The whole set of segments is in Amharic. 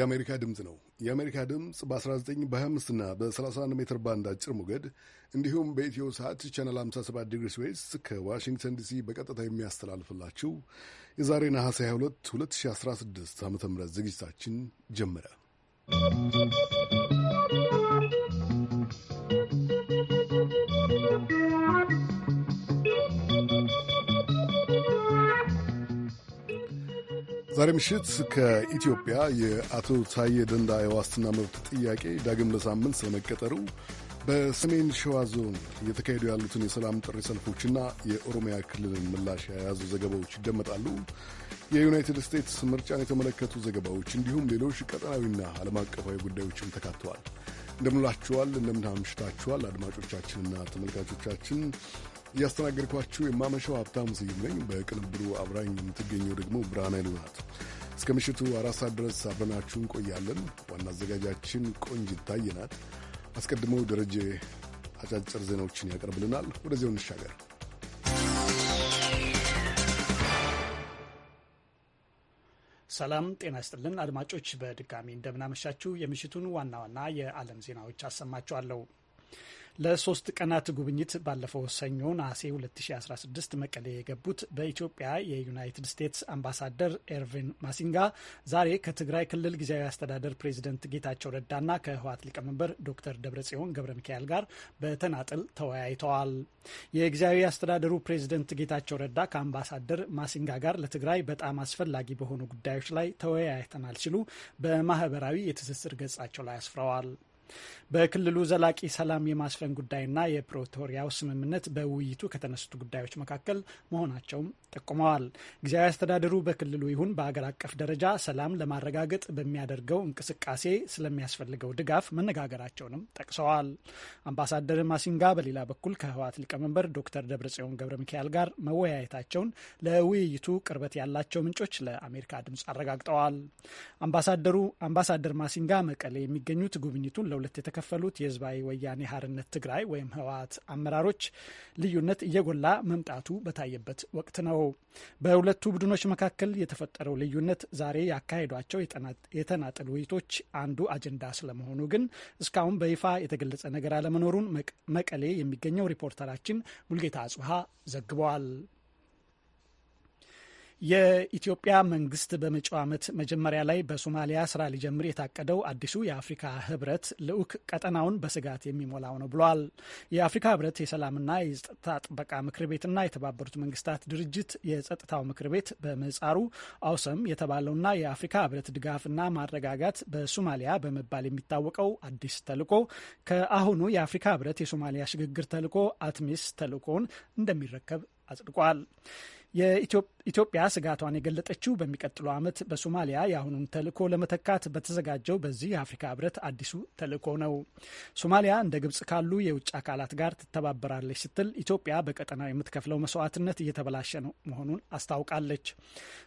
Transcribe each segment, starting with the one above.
የአሜሪካ ድምፅ ነው። የአሜሪካ ድምፅ በ19 በ25 እና በ31 ሜትር ባንድ አጭር ሞገድ እንዲሁም በኢትዮ ሰዓት ቻናል 57 ዲግሪ ስዌስ ከዋሽንግተን ዲሲ በቀጥታ የሚያስተላልፍላችሁ የዛሬ ነሐሴ 22 2016 ዓ ም ዝግጅታችን ጀመረ። ዛሬ ምሽት ከኢትዮጵያ የአቶ ታዬ ደንዳ የዋስትና መብት ጥያቄ ዳግም ለሳምንት ስለመቀጠሩ በሰሜን ሸዋ ዞን እየተካሄዱ ያሉትን የሰላም ጥሪ ሰልፎችና የኦሮሚያ ክልልን ምላሽ የያዙ ዘገባዎች ይደመጣሉ። የዩናይትድ ስቴትስ ምርጫን የተመለከቱ ዘገባዎች እንዲሁም ሌሎች ቀጠናዊና ዓለም አቀፋዊ ጉዳዮችም ተካተዋል። እንደምንላችኋል፣ እንደምናምሽታችኋል አድማጮቻችንና ተመልካቾቻችን እያስተናገድኳችሁ የማመሻው ሀብታሙ ስዩም ነኝ። በቅንብሩ አብራኝ የምትገኘው ደግሞ ብርሃን አይሉ ናት። እስከ ምሽቱ አራት ሰዓት ድረስ አብረናችሁ እንቆያለን። ዋና አዘጋጃችን ቆንጅ ይታየናት። አስቀድመው ደረጀ አጫጭር ዜናዎችን ያቀርብልናል። ወደዚያው እንሻገር። ሰላም ጤና ይስጥልን አድማጮች፣ በድጋሚ እንደምናመሻችሁ። የምሽቱን ዋና ዋና የዓለም ዜናዎች አሰማችኋለሁ። ለሶስት ቀናት ጉብኝት ባለፈው ሰኞ ነሐሴ 2016 መቀሌ የገቡት በኢትዮጵያ የዩናይትድ ስቴትስ አምባሳደር ኤርቪን ማሲንጋ ዛሬ ከትግራይ ክልል ጊዜያዊ አስተዳደር ፕሬዚደንት ጌታቸው ረዳና ከህወሓት ሊቀመንበር ዶክተር ደብረጽዮን ገብረ ሚካኤል ጋር በተናጥል ተወያይተዋል። የጊዜያዊ አስተዳደሩ ፕሬዚደንት ጌታቸው ረዳ ከአምባሳደር ማሲንጋ ጋር ለትግራይ በጣም አስፈላጊ በሆኑ ጉዳዮች ላይ ተወያይተናል ሲሉ በማህበራዊ የትስስር ገጻቸው ላይ አስፍረዋል። በክልሉ ዘላቂ ሰላም የማስፈን ጉዳይና የፕሪቶሪያው ስምምነት በውይይቱ ከተነሱት ጉዳዮች መካከል መሆናቸውም ጠቁመዋል። ጊዜያዊ አስተዳደሩ በክልሉ ይሁን በአገር አቀፍ ደረጃ ሰላም ለማረጋገጥ በሚያደርገው እንቅስቃሴ ስለሚያስፈልገው ድጋፍ መነጋገራቸውንም ጠቅሰዋል። አምባሳደር ማሲንጋ በሌላ በኩል ከህወሓት ሊቀመንበር ዶክተር ደብረጽዮን ገብረ ሚካኤል ጋር መወያየታቸውን ለውይይቱ ቅርበት ያላቸው ምንጮች ለአሜሪካ ድምፅ አረጋግጠዋል። አምባሳደሩ አምባሳደር ማሲንጋ መቀሌ የሚገኙት ጉብኝቱን ለሁለት የተከፈሉት የህዝባዊ ወያኔ ሀርነት ትግራይ ወይም ህወሓት አመራሮች ልዩነት እየጎላ መምጣቱ በታየበት ወቅት ነው። በሁለቱ ቡድኖች መካከል የተፈጠረው ልዩነት ዛሬ ያካሄዷቸው የተናጠል ውይይቶች አንዱ አጀንዳ ስለመሆኑ ግን እስካሁን በይፋ የተገለጸ ነገር አለመኖሩን መቀሌ የሚገኘው ሪፖርተራችን ሙልጌታ አጽሀ ዘግበዋል። የኢትዮጵያ መንግስት በመጪው ዓመት መጀመሪያ ላይ በሶማሊያ ስራ ሊጀምር የታቀደው አዲሱ የአፍሪካ ህብረት ልዑክ ቀጠናውን በስጋት የሚሞላው ነው ብሏል። የአፍሪካ ህብረት የሰላምና የጸጥታ ጥበቃ ምክር ቤትና የተባበሩት መንግስታት ድርጅት የጸጥታው ምክር ቤት በምህጻሩ አውሰም የተባለውና የአፍሪካ ህብረት ድጋፍና ማረጋጋት በሶማሊያ በመባል የሚታወቀው አዲስ ተልዕኮ ከአሁኑ የአፍሪካ ህብረት የሶማሊያ ሽግግር ተልዕኮ አትሚስ ተልዕኮውን እንደሚረከብ አጽድቋል። የኢትዮጵያ ስጋቷን የገለጠችው በሚቀጥለው ዓመት በሶማሊያ የአሁኑን ተልዕኮ ለመተካት በተዘጋጀው በዚህ የአፍሪካ ህብረት አዲሱ ተልዕኮ ነው። ሶማሊያ እንደ ግብጽ ካሉ የውጭ አካላት ጋር ትተባበራለች ስትል ኢትዮጵያ በቀጠናው የምትከፍለው መስዋዕትነት እየተበላሸ ነው መሆኑን አስታውቃለች።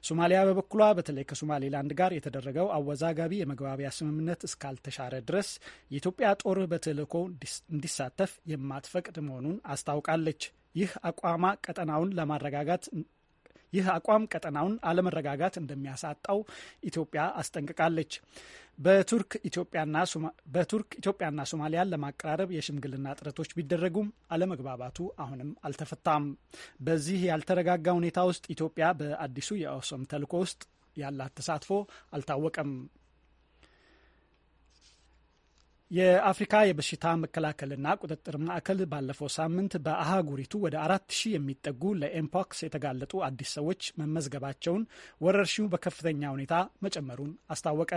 ሶማሊያ በበኩሏ በተለይ ከሶማሌላንድ ጋር የተደረገው አወዛጋቢ የመግባቢያ ስምምነት እስካልተሻረ ድረስ የኢትዮጵያ ጦር በተልዕኮ እንዲሳተፍ የማትፈቅድ መሆኑን አስታውቃለች። ይህ አቋማ ቀጠናውን ለማረጋጋት ይህ አቋም ቀጠናውን አለመረጋጋት እንደሚያሳጣው ኢትዮጵያ አስጠንቅቃለች። በቱርክ ኢትዮጵያና ሶማሊያን ለማቀራረብ የሽምግልና ጥረቶች ቢደረጉም አለመግባባቱ አሁንም አልተፈታም። በዚህ ያልተረጋጋ ሁኔታ ውስጥ ኢትዮጵያ በአዲሱ የአሶም ተልኮ ውስጥ ያላት ተሳትፎ አልታወቀም። የአፍሪካ የበሽታ መከላከልና ቁጥጥር ማዕከል ባለፈው ሳምንት በአህጉሪቱ ወደ አራት ሺህ የሚጠጉ ለኤምፖክስ የተጋለጡ አዲስ ሰዎች መመዝገባቸውን ወረርሽኙ በከፍተኛ ሁኔታ መጨመሩን አስታወቀ።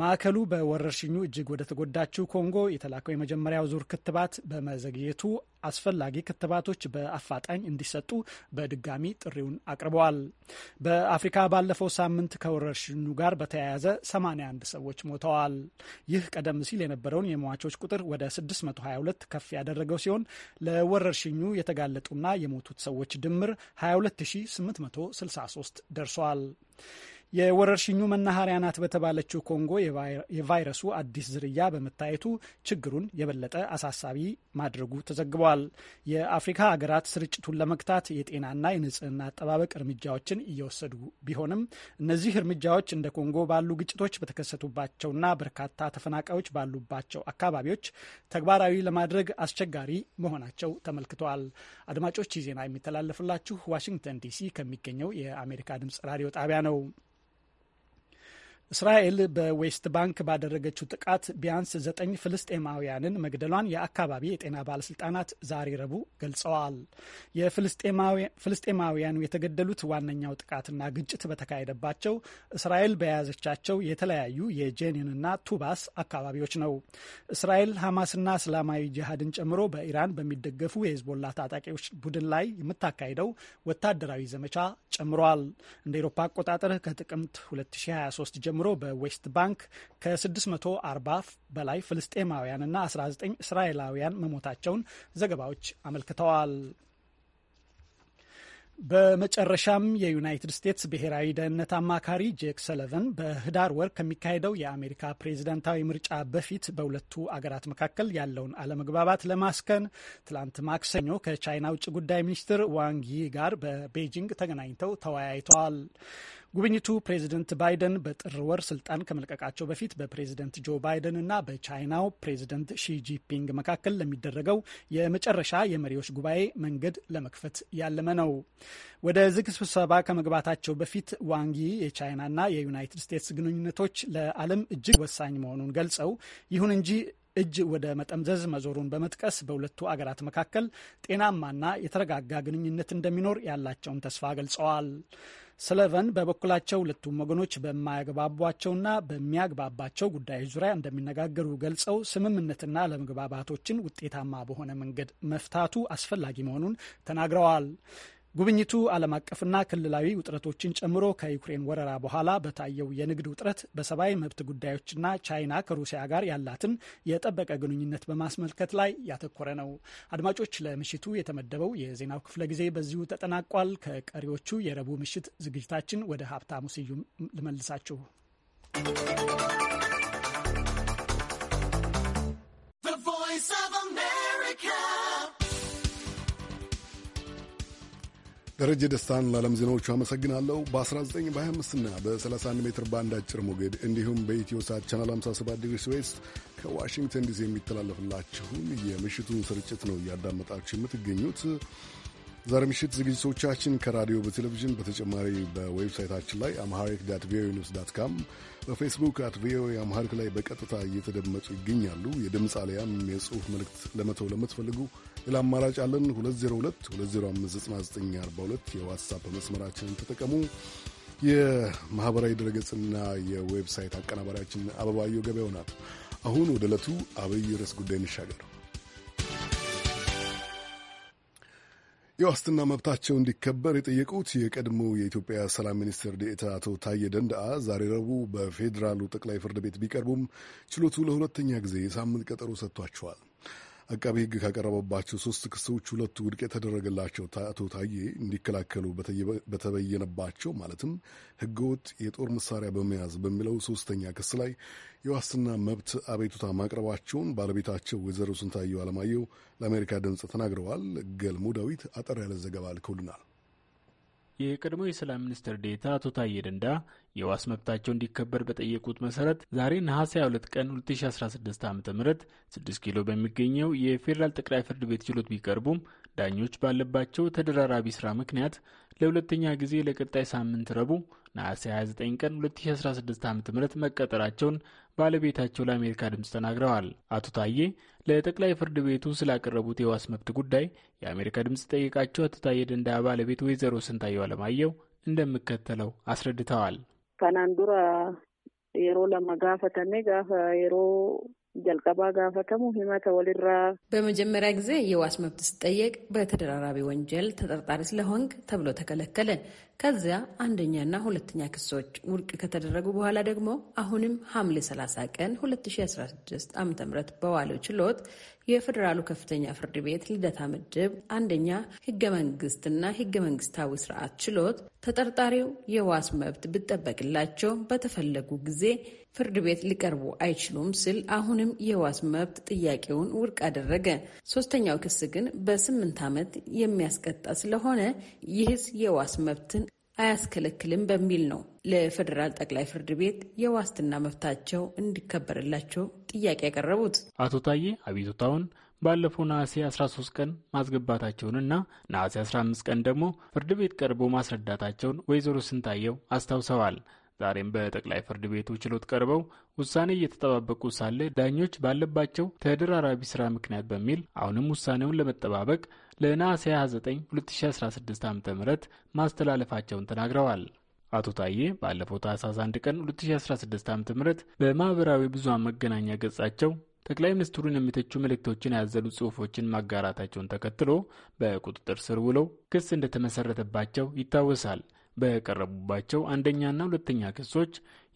ማዕከሉ በወረርሽኙ እጅግ ወደ ተጎዳችው ኮንጎ የተላከው የመጀመሪያው ዙር ክትባት በመዘግየቱ አስፈላጊ ክትባቶች በአፋጣኝ እንዲሰጡ በድጋሚ ጥሪውን አቅርበዋል። በአፍሪካ ባለፈው ሳምንት ከወረርሽኙ ጋር በተያያዘ 81 ሰዎች ሞተዋል። ይህ ቀደም ሲል የነበረውን የሟቾች ቁጥር ወደ 622 ከፍ ያደረገው ሲሆን ለወረርሽኙ የተጋለጡና የሞቱት ሰዎች ድምር 22863 ደርሷል። የወረርሽኙ መናኸሪያ ናት በተባለችው ኮንጎ የቫይረሱ አዲስ ዝርያ በመታየቱ ችግሩን የበለጠ አሳሳቢ ማድረጉ ተዘግቧል። የአፍሪካ ሀገራት ስርጭቱን ለመግታት የጤናና የንጽህና አጠባበቅ እርምጃዎችን እየወሰዱ ቢሆንም እነዚህ እርምጃዎች እንደ ኮንጎ ባሉ ግጭቶች በተከሰቱባቸውና በርካታ ተፈናቃዮች ባሉባቸው አካባቢዎች ተግባራዊ ለማድረግ አስቸጋሪ መሆናቸው ተመልክተዋል። አድማጮች ዜና የሚተላለፍላችሁ ዋሽንግተን ዲሲ ከሚገኘው የአሜሪካ ድምጽ ራዲዮ ጣቢያ ነው። እስራኤል በዌስት ባንክ ባደረገችው ጥቃት ቢያንስ ዘጠኝ ፍልስጤማውያንን መግደሏን የአካባቢ የጤና ባለስልጣናት ዛሬ ረቡዕ ገልጸዋል። የፍልስጤማውያኑ የተገደሉት ዋነኛው ጥቃትና ግጭት በተካሄደባቸው እስራኤል በያዘቻቸው የተለያዩ የጄኒንና ቱባስ አካባቢዎች ነው። እስራኤል ሐማስና እስላማዊ ጂሃድን ጨምሮ በኢራን በሚደገፉ የሄዝቦላ ታጣቂዎች ቡድን ላይ የምታካሄደው ወታደራዊ ዘመቻ ጨምሯል። እንደ ኤሮፓ አቆጣጠር ከጥቅምት 2023 ጀምሮ ጨምሮ በዌስት ባንክ ከ640 በላይ ፍልስጤማውያንና 19 እስራኤላውያን መሞታቸውን ዘገባዎች አመልክተዋል። በመጨረሻም የዩናይትድ ስቴትስ ብሔራዊ ደህንነት አማካሪ ጄክ ሰለቨን በህዳር ወር ከሚካሄደው የአሜሪካ ፕሬዝደንታዊ ምርጫ በፊት በሁለቱ አገራት መካከል ያለውን አለመግባባት ለማስከን ትላንት ማክሰኞ ከቻይና ውጭ ጉዳይ ሚኒስትር ዋንግ ጋር በቤጂንግ ተገናኝተው ተወያይተዋል። ጉብኝቱ ፕሬዚደንት ባይደን በጥር ወር ስልጣን ከመልቀቃቸው በፊት በፕሬዚደንት ጆ ባይደን እና በቻይናው ፕሬዚደንት ሺጂፒንግ መካከል ለሚደረገው የመጨረሻ የመሪዎች ጉባኤ መንገድ ለመክፈት ያለመ ነው። ወደ ዝግ ስብሰባ ከመግባታቸው በፊት ዋንጊ የቻይናና የዩናይትድ ስቴትስ ግንኙነቶች ለዓለም እጅግ ወሳኝ መሆኑን ገልጸው ይሁን እንጂ እጅ ወደ መጠምዘዝ መዞሩን በመጥቀስ በሁለቱ አገራት መካከል ጤናማና የተረጋጋ ግንኙነት እንደሚኖር ያላቸውን ተስፋ ገልጸዋል። ስለቨን በበኩላቸው ሁለቱም ወገኖች በማያግባቧቸውና በሚያግባባቸው ጉዳዮች ዙሪያ እንደሚነጋገሩ ገልጸው ስምምነትና ለመግባባቶችን ውጤታማ በሆነ መንገድ መፍታቱ አስፈላጊ መሆኑን ተናግረዋል። ጉብኝቱ ዓለም አቀፍና ክልላዊ ውጥረቶችን ጨምሮ ከዩክሬን ወረራ በኋላ በታየው የንግድ ውጥረት በሰብአዊ መብት ጉዳዮችና ቻይና ከሩሲያ ጋር ያላትን የጠበቀ ግንኙነት በማስመልከት ላይ ያተኮረ ነው። አድማጮች፣ ለምሽቱ የተመደበው የዜናው ክፍለ ጊዜ በዚሁ ተጠናቋል። ከቀሪዎቹ የረቡዕ ምሽት ዝግጅታችን ወደ ሀብታሙ ስዩም ልመልሳችሁ። ደረጀ ደስታን ለዓለም ዜናዎቹ አመሰግናለሁ። በ19 በ25ና በ31 ሜትር ባንድ አጭር ሞገድ እንዲሁም በኢትዮ ሳት ቻናል 57 ዲግሪ ስዌስት ከዋሽንግተን ዲሲ የሚተላለፍላችሁን የምሽቱን ስርጭት ነው እያዳመጣችሁ የምትገኙት። ዛሬ ምሽት ዝግጅቶቻችን ከራዲዮ በቴሌቪዥን በተጨማሪ በዌብሳይታችን ላይ አምሃሪክ ዳት ቪኦኤ ኒውስ ዳት ካም በፌስቡክ አት ቪኦኤ አምሃሪክ ላይ በቀጥታ እየተደመጡ ይገኛሉ። የድምፅ አሊያም የጽሑፍ መልእክት ለመተው ለምትፈልጉ ሌላ አማራጭ አለን። 2022059942 የዋትሳፕ መስመራችንን ተጠቀሙ። የማኅበራዊ ድረገጽና የዌብሳይት አቀናባሪያችን አበባየው ገበያው ናት። አሁን ወደ ዕለቱ አብይ ርዕስ ጉዳይ እንሻገር። የዋስትና መብታቸው እንዲከበር የጠየቁት የቀድሞ የኢትዮጵያ ሰላም ሚኒስትር ዴኤታ አቶ ታዬ ደንደአ ዛሬ ረቡዕ በፌዴራሉ ጠቅላይ ፍርድ ቤት ቢቀርቡም ችሎቱ ለሁለተኛ ጊዜ የሳምንት ቀጠሮ ሰጥቷቸዋል። አቃቢ ሕግ ካቀረበባቸው ሶስት ክሶች ሁለቱ ውድቅ የተደረገላቸው አቶ ታዬ እንዲከላከሉ በተበየነባቸው ማለትም ሕገወጥ የጦር መሳሪያ በመያዝ በሚለው ሶስተኛ ክስ ላይ የዋስትና መብት አቤቱታ ማቅረባቸውን ባለቤታቸው ወይዘሮ ስንታየው አለማየሁ ለአሜሪካ ድምፅ ተናግረዋል። ገልሞ ዳዊት አጠር ያለ ዘገባ ልከውልናል። የቀድሞ የሰላም ሚኒስትር ዴታ አቶ ታዬ ደንዳ የዋስ መብታቸው እንዲከበር በጠየቁት መሰረት ዛሬ ነሐሴ 22 ቀን 2016 ዓ ም 6 ኪሎ በሚገኘው የፌዴራል ጠቅላይ ፍርድ ቤት ችሎት ቢቀርቡም ዳኞች ባለባቸው ተደራራቢ ስራ ምክንያት ለሁለተኛ ጊዜ ለቀጣይ ሳምንት ረቡዕ ነሐሴ 29 ቀን 2016 ዓ ም መቀጠራቸውን ባለቤታቸው ለአሜሪካ ድምፅ ተናግረዋል። አቶ ታዬ ለጠቅላይ ፍርድ ቤቱ ስላቀረቡት የዋስ መብት ጉዳይ የአሜሪካ ድምፅ ጠየቃቸው። አቶ ታዬ ደንዳ ባለቤት ወይዘሮ ስንታየው አለማየው እንደሚከተለው አስረድተዋል። ከናንዱራ የሮ ለመጋፈተሜ ጋፈ የሮ ጀልቀባ ጋፈተሙ ህመተ ወልራ በመጀመሪያ ጊዜ የዋስ መብት ስጠየቅ በተደራራቢ ወንጀል ተጠርጣሪ ስለሆንክ ተብሎ ተከለከለ። ከዚያ አንደኛና ሁለተኛ ክሶች ውድቅ ከተደረጉ በኋላ ደግሞ አሁንም ሐምሌ 30 ቀን 2016 ዓ ም በዋለው ችሎት የፌዴራሉ ከፍተኛ ፍርድ ቤት ልደታ ምድብ አንደኛ ህገ መንግስትና ህገ መንግስታዊ ስርዓት ችሎት ተጠርጣሪው የዋስ መብት ብጠበቅላቸው በተፈለጉ ጊዜ ፍርድ ቤት ሊቀርቡ አይችሉም ሲል አሁንም የዋስ መብት ጥያቄውን ውድቅ አደረገ። ሶስተኛው ክስ ግን በስምንት ዓመት የሚያስቀጣ ስለሆነ ይህስ የዋስ መብትን አያስከለክልም በሚል ነው ለፌዴራል ጠቅላይ ፍርድ ቤት የዋስትና መብታቸው እንዲከበርላቸው ጥያቄ ያቀረቡት አቶ ታዬ አቤቱታውን ባለፈው ነሐሴ 13 ቀን ማስገባታቸውንና ነሐሴ 15 ቀን ደግሞ ፍርድ ቤት ቀርቦ ማስረዳታቸውን ወይዘሮ ስንታየው አስታውሰዋል። ዛሬም በጠቅላይ ፍርድ ቤቱ ችሎት ቀርበው ውሳኔ እየተጠባበቁ ሳለ ዳኞች ባለባቸው ተደራራቢ ስራ ምክንያት በሚል አሁንም ውሳኔውን ለመጠባበቅ ለነሐሴ 29 2016 ዓ ም ማስተላለፋቸውን ተናግረዋል። አቶ ታዬ ባለፈው ታህሳስ 1 ቀን 2016 ዓ ም በማኅበራዊ ብዙሃን መገናኛ ገጻቸው ጠቅላይ ሚኒስትሩን የሚተቹ መልእክቶችን ያዘሉ ጽሑፎችን ማጋራታቸውን ተከትሎ በቁጥጥር ስር ውለው ክስ እንደተመሰረተባቸው ይታወሳል። በቀረቡባቸው አንደኛና ሁለተኛ ክሶች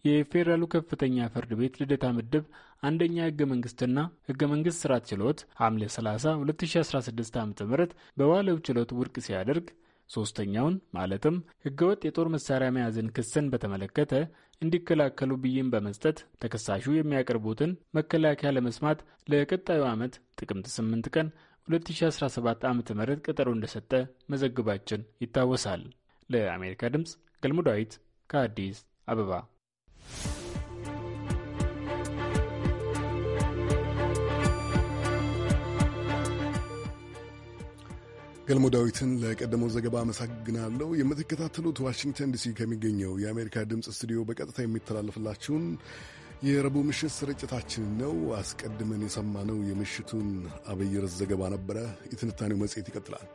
የፌዴራሉ ከፍተኛ ፍርድ ቤት ልደታ ምድብ አንደኛ ህገ መንግስትና ህገ መንግስት ስርዓት ችሎት ሐምሌ 30 2016 ዓ ም በዋለው ችሎት ውድቅ ሲያደርግ ሶስተኛውን ማለትም ህገወጥ የጦር መሳሪያ መያዝን ክስን በተመለከተ እንዲከላከሉ ብይን በመስጠት ተከሳሹ የሚያቀርቡትን መከላከያ ለመስማት ለቀጣዩ ዓመት ጥቅምት 8 ቀን 2017 ዓ ም ቀጠሮ እንደሰጠ መዘግባችን ይታወሳል። ለአሜሪካ ድምፅ ገልሞ ዳዊት ከአዲስ አበባ። ገልሞ ዳዊትን ለቀደመው ዘገባ አመሰግናለሁ። የምትከታተሉት ዋሽንግተን ዲሲ ከሚገኘው የአሜሪካ ድምፅ ስቱዲዮ በቀጥታ የሚተላለፍላችሁን የረቡዕ ምሽት ስርጭታችን ነው። አስቀድመን የሰማነው የምሽቱን አብይ ርዕስ ዘገባ ነበረ። የትንታኔው መጽሔት ይቀጥላል።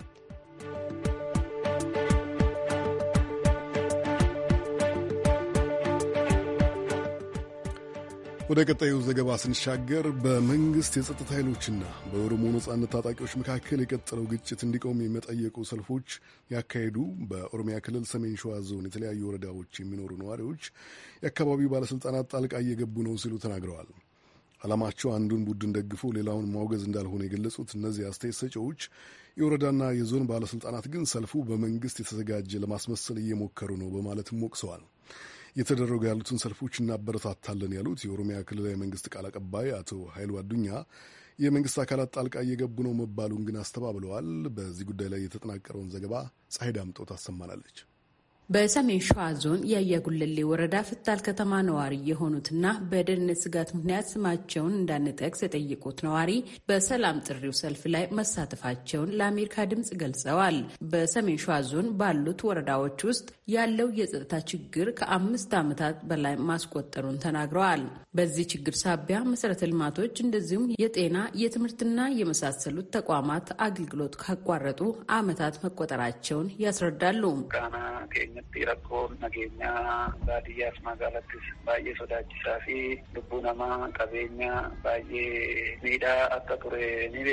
ወደ ቀጣዩ ዘገባ ስንሻገር በመንግሥት የጸጥታ ኃይሎችና በኦሮሞ ነጻነት ታጣቂዎች መካከል የቀጠለው ግጭት እንዲቆም የመጠየቁ ሰልፎች ያካሄዱ በኦሮሚያ ክልል ሰሜን ሸዋ ዞን የተለያዩ ወረዳዎች የሚኖሩ ነዋሪዎች የአካባቢው ባለሥልጣናት ጣልቃ እየገቡ ነው ሲሉ ተናግረዋል። ዓላማቸው አንዱን ቡድን ደግፎ ሌላውን ማውገዝ እንዳልሆነ የገለጹት እነዚህ አስተያየት ሰጪዎች የወረዳና የዞን ባለሥልጣናት ግን ሰልፉ በመንግሥት የተዘጋጀ ለማስመሰል እየሞከሩ ነው በማለትም ወቅሰዋል። እየተደረጉ ያሉትን ሰልፎች እናበረታታለን ያሉት የኦሮሚያ ክልላዊ መንግስት ቃል አቀባይ አቶ ኃይሉ አዱኛ የመንግስት አካላት ጣልቃ እየገቡ ነው መባሉን ግን አስተባብለዋል። በዚህ ጉዳይ ላይ የተጠናቀረውን ዘገባ ፀሐይ ዳምጠው ታሰማናለች። በሰሜን ሸዋ ዞን የየጉለሌ ወረዳ ፍታል ከተማ ነዋሪ የሆኑትና በደህንነት ስጋት ምክንያት ስማቸውን እንዳንጠቅስ የጠየቁት ነዋሪ በሰላም ጥሪው ሰልፍ ላይ መሳተፋቸውን ለአሜሪካ ድምፅ ገልጸዋል። በሰሜን ሸዋ ዞን ባሉት ወረዳዎች ውስጥ ያለው የጸጥታ ችግር ከአምስት ዓመታት በላይ ማስቆጠሩን ተናግረዋል። በዚህ ችግር ሳቢያ መሰረተ ልማቶች እንደዚሁም የጤና የትምህርትና የመሳሰሉት ተቋማት አገልግሎት ካቋረጡ ዓመታት መቆጠራቸውን ያስረዳሉ። dhimmi rakkoon nageenyaa baadiyyaaf magaalattis baay'ee sodaachisaa fi lubbuu namaa qabeenya baay'ee ሚዲያ አጣጥሬ ኒቤ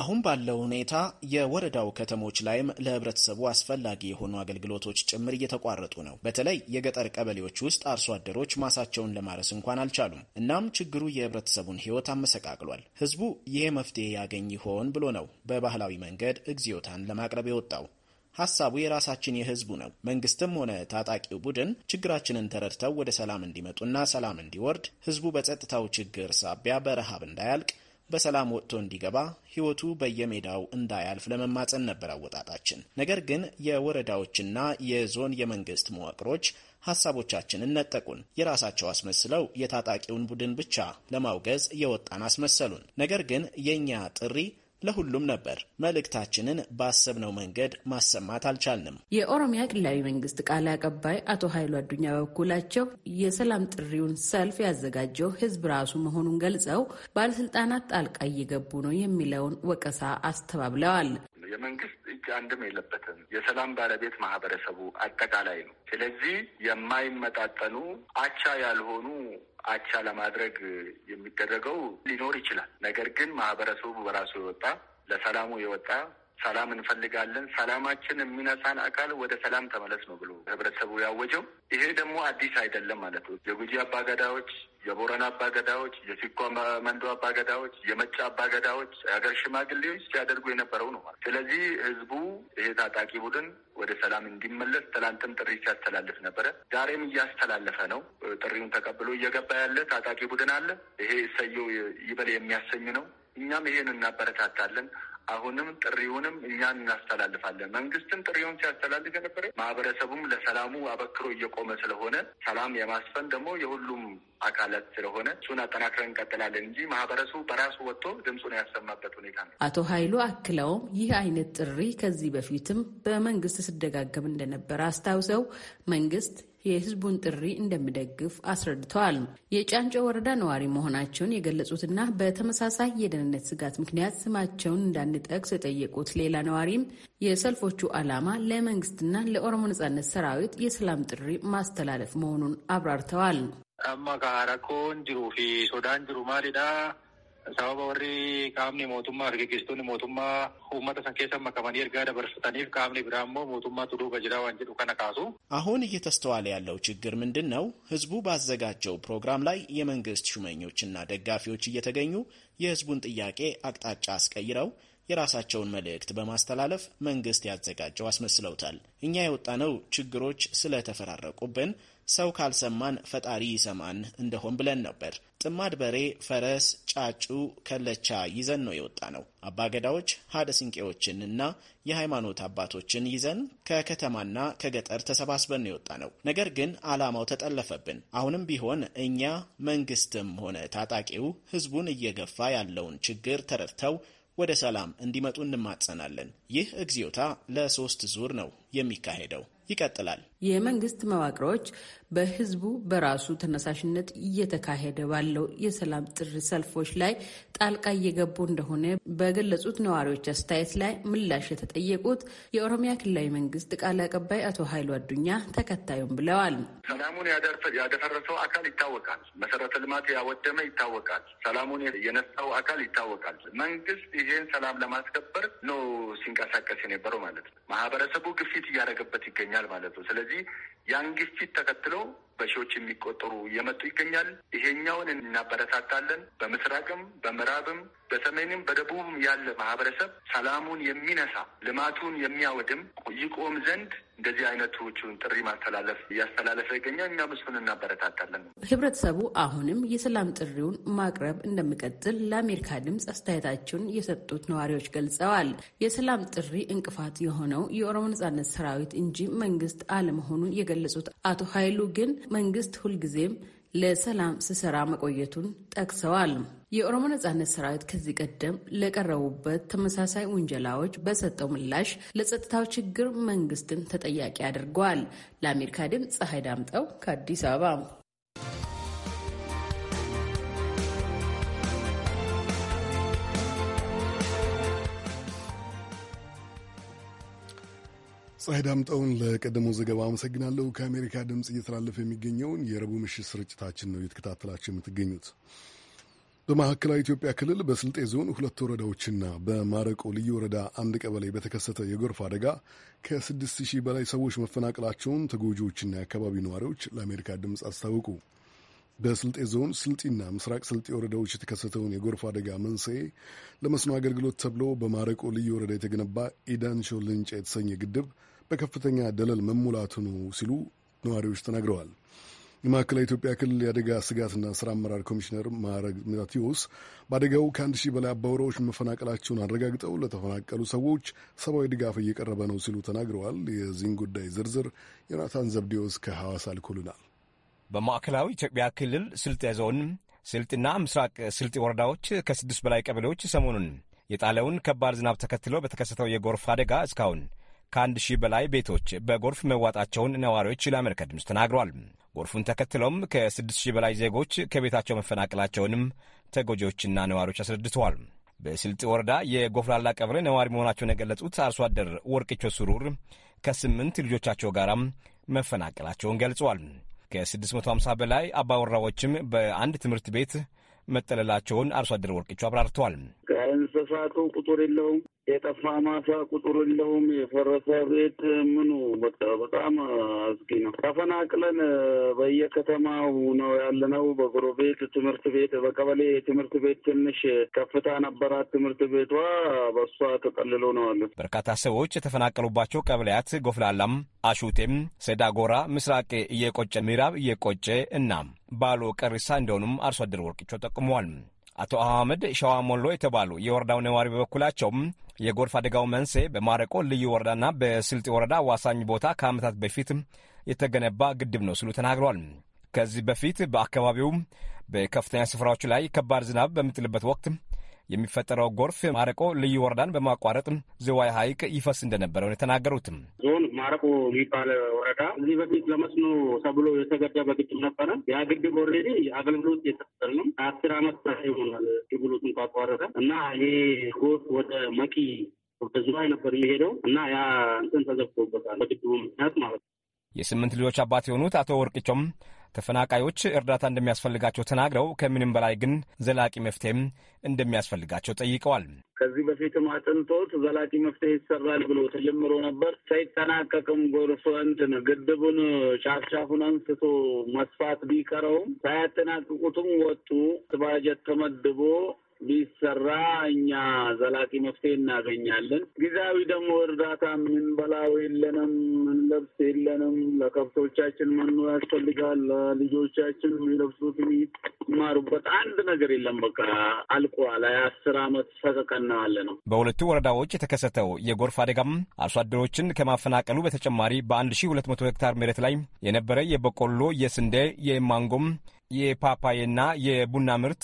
አሁን ባለው ሁኔታ የወረዳው ከተሞች ላይም ለህብረተሰቡ አስፈላጊ የሆኑ አገልግሎቶች ጭምር እየተቋረጡ ነው። በተለይ የገጠር ቀበሌዎች ውስጥ አርሶ አደሮች ማሳቸውን ለማረስ እንኳን አልቻሉም። እናም ችግሩ የህብረተሰቡን ህይወት አመሰቃቅሏል። ህዝቡ ይሄ መፍትሄ ያገኝ ይሆን ብሎ ነው በባህላዊ መንገድ እግዚኦታን ለማቅረብ የወጣው። ሀሳቡ የራሳችን የህዝቡ ነው። መንግስትም ሆነ ታጣቂው ቡድን ችግራችንን ተረድተው ወደ ሰላም እንዲመጡና ሰላም እንዲወርድ ህዝቡ በጸጥታው ችግር ሳቢያ በረሃብ እንዳያልቅ በሰላም ወጥቶ እንዲገባ ህይወቱ በየሜዳው እንዳያልፍ ለመማጸን ነበር አወጣጣችን። ነገር ግን የወረዳዎችና የዞን የመንግስት መዋቅሮች ሀሳቦቻችንን ነጠቁን። የራሳቸው አስመስለው የታጣቂውን ቡድን ብቻ ለማውገዝ የወጣን አስመሰሉን። ነገር ግን የእኛ ጥሪ ለሁሉም ነበር። መልእክታችንን ባሰብነው መንገድ ማሰማት አልቻልንም። የኦሮሚያ ክልላዊ መንግስት ቃል አቀባይ አቶ ኃይሉ አዱኛ በበኩላቸው የሰላም ጥሪውን ሰልፍ ያዘጋጀው ህዝብ ራሱ መሆኑን ገልጸው ባለስልጣናት ጣልቃ እየገቡ ነው የሚለውን ወቀሳ አስተባብለዋል። የመንግስት እጅ አንድም የለበትም። የሰላም ባለቤት ማህበረሰቡ አጠቃላይ ነው። ስለዚህ የማይመጣጠኑ አቻ ያልሆኑ አቻ ለማድረግ የሚደረገው ሊኖር ይችላል። ነገር ግን ማህበረሰቡ በራሱ የወጣ ለሰላሙ የወጣ ሰላም እንፈልጋለን፣ ሰላማችን የሚነሳን አካል ወደ ሰላም ተመለስ ነው ብሎ ህብረተሰቡ ያወጀው ይሄ ደግሞ አዲስ አይደለም ማለት ነው። የጉጂ አባገዳዎች፣ የቦረና አባገዳዎች፣ የሲኮ መንዶ አባገዳዎች፣ የመጫ አባገዳዎች፣ የሀገር ሽማግሌዎች ሲያደርጉ የነበረው ነው ማለት። ስለዚህ ህዝቡ ይሄ ታጣቂ ቡድን ወደ ሰላም እንዲመለስ ትላንትም ጥሪ ሲያስተላልፍ ነበረ። ዛሬም እያስተላለፈ ነው። ጥሪውን ተቀብሎ እየገባ ያለ ታጣቂ ቡድን አለ። ይሄ ሰየው ይበል የሚያሰኝ ነው። እኛም ይሄን እናበረታታለን። አሁንም ጥሪውንም እኛ እናስተላልፋለን። መንግስትም ጥሪውን ሲያስተላልፍ የነበረ ማህበረሰቡም ለሰላሙ አበክሮ እየቆመ ስለሆነ ሰላም የማስፈን ደግሞ የሁሉም አካላት ስለሆነ እሱን አጠናክረን እንቀጥላለን እንጂ ማህበረሰቡ በራሱ ወጥቶ ድምፁን ያሰማበት ሁኔታ ነው። አቶ ኃይሉ አክለውም ይህ አይነት ጥሪ ከዚህ በፊትም በመንግስት ስደጋገም እንደነበረ አስታውሰው መንግስት የህዝቡን ጥሪ እንደሚደግፍ አስረድተዋል። የጫንጮ ወረዳ ነዋሪ መሆናቸውን የገለጹትና በተመሳሳይ የደህንነት ስጋት ምክንያት ስማቸውን እንዳንጠቅስ የጠየቁት ሌላ ነዋሪም የሰልፎቹ ዓላማ ለመንግስትና ለኦሮሞ ነጻነት ሰራዊት የሰላም ጥሪ ማስተላለፍ መሆኑን አብራርተዋል። አማ ጋራ ጅሩ ፊ ሶዳን ጅሩ ማሊዳ sababa warri qaamni mootummaa dargaggeessitoonni mootummaa uummata san keessa makamanii ergaa dabarfataniif qaamni biraa immoo mootummaa tuduu በጅራ ዋን jedhu kana ካሱ አሁን እየተስተዋለ ያለው ችግር ምንድን ነው? ህዝቡ ባዘጋጀው ፕሮግራም ላይ የመንግስት ሹመኞችና ደጋፊዎች እየተገኙ የህዝቡን ጥያቄ አቅጣጫ አስቀይረው የራሳቸውን መልእክት በማስተላለፍ መንግስት ያዘጋጀው አስመስለውታል። እኛ የወጣነው ችግሮች ስለተፈራረቁብን ሰው ካልሰማን ፈጣሪ ይሰማን እንደሆን ብለን ነበር። ጥማድ በሬ፣ ፈረስ፣ ጫጩ፣ ከለቻ ይዘን ነው የወጣ ነው። አባገዳዎች ሀደ ስንቄዎችን እና የሃይማኖት አባቶችን ይዘን ከከተማና ከገጠር ተሰባስበን ነው የወጣ ነው። ነገር ግን አላማው ተጠለፈብን። አሁንም ቢሆን እኛ መንግስትም ሆነ ታጣቂው ህዝቡን እየገፋ ያለውን ችግር ተረድተው ወደ ሰላም እንዲመጡ እንማጸናለን። ይህ እግዚኦታ ለሶስት ዙር ነው የሚካሄደው። ይቀጥላል። የመንግስት መዋቅሮች በህዝቡ በራሱ ተነሳሽነት እየተካሄደ ባለው የሰላም ጥሪ ሰልፎች ላይ ጣልቃ እየገቡ እንደሆነ በገለጹት ነዋሪዎች አስተያየት ላይ ምላሽ የተጠየቁት የኦሮሚያ ክልላዊ መንግስት ቃል አቀባይ አቶ ኃይሉ አዱኛ ተከታዩም ብለዋል። ሰላሙን ያደፈረሰው አካል ይታወቃል። መሰረተ ልማት ያወደመ ይታወቃል። ሰላሙን የነሳው አካል ይታወቃል። መንግስት ይሄን ሰላም ለማስከበር ነው ሲንቀ ሲንቀሳቀስ የነበረው ማለት ነው። ማህበረሰቡ ግፊት እያደረገበት ይገኛል ማለት ነው። ስለዚህ ያን ግፊት ተከትሎ በሺዎች የሚቆጠሩ እየመጡ ይገኛል። ይሄኛውን እናበረታታለን። በምስራቅም በምዕራብም በሰሜንም በደቡብም ያለ ማህበረሰብ ሰላሙን የሚነሳ ልማቱን የሚያወድም ይቆም ዘንድ እንደዚህ አይነቶቹን ጥሪ ማስተላለፍ እያስተላለፈ ይገኛል። እኛ እሱን እናበረታታለን። ህብረተሰቡ አሁንም የሰላም ጥሪውን ማቅረብ እንደሚቀጥል ለአሜሪካ ድምፅ አስተያየታቸውን የሰጡት ነዋሪዎች ገልጸዋል። የሰላም ጥሪ እንቅፋት የሆነው የኦሮሞ ነጻነት ሰራዊት እንጂ መንግስት አለመሆኑን የገለ የገለጹት አቶ ኃይሉ ግን መንግስት ሁልጊዜም ለሰላም ስሰራ መቆየቱን ጠቅሰዋል። የኦሮሞ ነጻነት ሰራዊት ከዚህ ቀደም ለቀረቡበት ተመሳሳይ ውንጀላዎች በሰጠው ምላሽ ለጸጥታው ችግር መንግስትን ተጠያቂ አድርገዋል። ለአሜሪካ ድምፅ ፀሐይ ዳምጠው ከአዲስ አበባ ፀሐይ ዳምጠውን ለቀደመው ዘገባ አመሰግናለሁ። ከአሜሪካ ድምፅ እየተላለፈ የሚገኘውን የረቡዕ ምሽት ስርጭታችን ነው እየተከታተላችሁ የምትገኙት። በማዕከላዊ ኢትዮጵያ ክልል በስልጤ ዞን ሁለት ወረዳዎችና በማረቆ ልዩ ወረዳ አንድ ቀበሌ በተከሰተ የጎርፍ አደጋ ከ ሺህ በላይ ሰዎች መፈናቀላቸውን ተጎጂዎችና የአካባቢው ነዋሪዎች ለአሜሪካ ድምፅ አስታወቁ። በስልጤ ዞን ስልጢና ምስራቅ ስልጤ ወረዳዎች የተከሰተውን የጎርፍ አደጋ መንስኤ ለመስኖ አገልግሎት ተብሎ በማረቆ ልዩ ወረዳ የተገነባ ኢዳንሾ ልንጫ የተሰኘ ግድብ በከፍተኛ ደለል መሙላቱ ነው ሲሉ ነዋሪዎች ተናግረዋል። የማዕከላዊ ኢትዮጵያ ክልል የአደጋ ስጋትና ስራ አመራር ኮሚሽነር ማዕረግ ማቴዎስ በአደጋው ከአንድ ሺህ በላይ አባወራዎች መፈናቀላቸውን አረጋግጠው ለተፈናቀሉ ሰዎች ሰብአዊ ድጋፍ እየቀረበ ነው ሲሉ ተናግረዋል። የዚህን ጉዳይ ዝርዝር ዮናታን ዘብዴዎስ ከሐዋሳ ልኮልናል። በማዕከላዊ ኢትዮጵያ ክልል ስልጤ ዞን ስልጥና ምስራቅ ስልጤ ወረዳዎች ከስድስት በላይ ቀበሌዎች ሰሞኑን የጣለውን ከባድ ዝናብ ተከትሎ በተከሰተው የጎርፍ አደጋ እስካሁን ከአንድ ሺህ በላይ ቤቶች በጎርፍ መዋጣቸውን ነዋሪዎች ለአሜሪካ ድምፅ ተናግሯል። ጎርፉን ተከትሎም ከስድስት ሺህ በላይ ዜጎች ከቤታቸው መፈናቀላቸውንም ተጎጂዎችና ነዋሪዎች አስረድተዋል። በስልጤ ወረዳ የጎፍላላ ቀበሌ ነዋሪ መሆናቸውን የገለጹት አርሶ አደር ወርቅቾ ስሩር ከስምንት ልጆቻቸው ጋራም መፈናቀላቸውን ገልጸዋል። ከ650 በላይ አባወራዎችም በአንድ ትምህርት ቤት መጠለላቸውን አርሶ አደር ወርቅቾ አብራርተዋል። ከእንስሳቱ ቁጥር የለውም የጠፋ ማሳ ቁጥር የለውም። የፈረሰ ቤት ምኑ በጣም አስጊ ነው። ተፈናቅለን በየከተማው ነው ያለነው። በጎረቤት ትምህርት ቤት በቀበሌ ትምህርት ቤት ትንሽ ከፍታ ነበራት ትምህርት ቤቷ፣ በሷ ተጠልሎ ነው አለ። በርካታ ሰዎች የተፈናቀሉባቸው ቀበሌያት ጎፍላላም፣ አሹቴም፣ ሰዳጎራ፣ ምስራቅ እየቆጨ፣ ምዕራብ እየቆጨ እና ባሎ ቀሪሳ እንደሆኑም አርሶ አደር ወርቅቸው ጠቁመዋል። አቶ አህመድ ሸዋ ሞሎ የተባሉ የወረዳው ነዋሪ በበኩላቸው የጎርፍ አደጋው መንስኤ በማረቆ ልዩ ወረዳና በስልጤ ወረዳ ዋሳኝ ቦታ ከዓመታት በፊት የተገነባ ግድብ ነው ሲሉ ተናግሯል ከዚህ በፊት በአካባቢው በከፍተኛ ስፍራዎች ላይ ከባድ ዝናብ በምጥልበት ወቅት የሚፈጠረው ጎርፍ ማረቆ ልዩ ወረዳን በማቋረጥ ዝዋይ ሐይቅ ይፈስ እንደነበረው ነው የተናገሩትም። ዞን ማረቆ የሚባል ወረዳ እዚህ በፊት ለመስኖ ተብሎ የተገደበ ግድብ ነበረ። ያ ግድብ ኦልሬዲ አገልግሎት የተሰጠል ነው። አስር አመት ይሆናል ግልግሎቱን ካቋረጠ እና ይሄ ጎርፍ ወደ መቂ ወደ ዝዋይ ነበር የሚሄደው እና ያ እንትን ተዘግቶበታል በግድቡ ምክንያት ማለት ነው። የስምንት ልጆች አባት የሆኑት አቶ ወርቅቸውም ተፈናቃዮች እርዳታ እንደሚያስፈልጋቸው ተናግረው ከምንም በላይ ግን ዘላቂ መፍትሄም እንደሚያስፈልጋቸው ጠይቀዋል። ከዚህ በፊትም አጥንቶት ዘላቂ መፍትሄ ይሰራል ብሎ ተጀምሮ ነበር። ሳይጠናቀቅም ጎርፍ እንትን ግድቡን ሻፍሻፉን አንስቶ መስፋት ቢቀረውም ሳያጠናቅቁትም ወጡ። ባጀት ተመድቦ ቢሰራ እኛ ዘላቂ መፍትሄ እናገኛለን። ጊዜያዊ ደግሞ እርዳታ ምንበላው የለንም፣ ምንለብስ የለንም። ለከብቶቻችን መኖ ያስፈልጋል። ለልጆቻችን የሚለብሱት የሚማሩበት አንድ ነገር የለም። በቃ አልቋል። አስር አመት ሰቀቀና አለ ነው። በሁለቱ ወረዳዎች የተከሰተው የጎርፍ አደጋም አርሶ አደሮችን ከማፈናቀሉ በተጨማሪ ሁለት መቶ ሄክታር መሬት ላይ የነበረ የበቆሎ፣ የስንዴ፣ የማንጎም፣ የፓፓዬና የቡና ምርት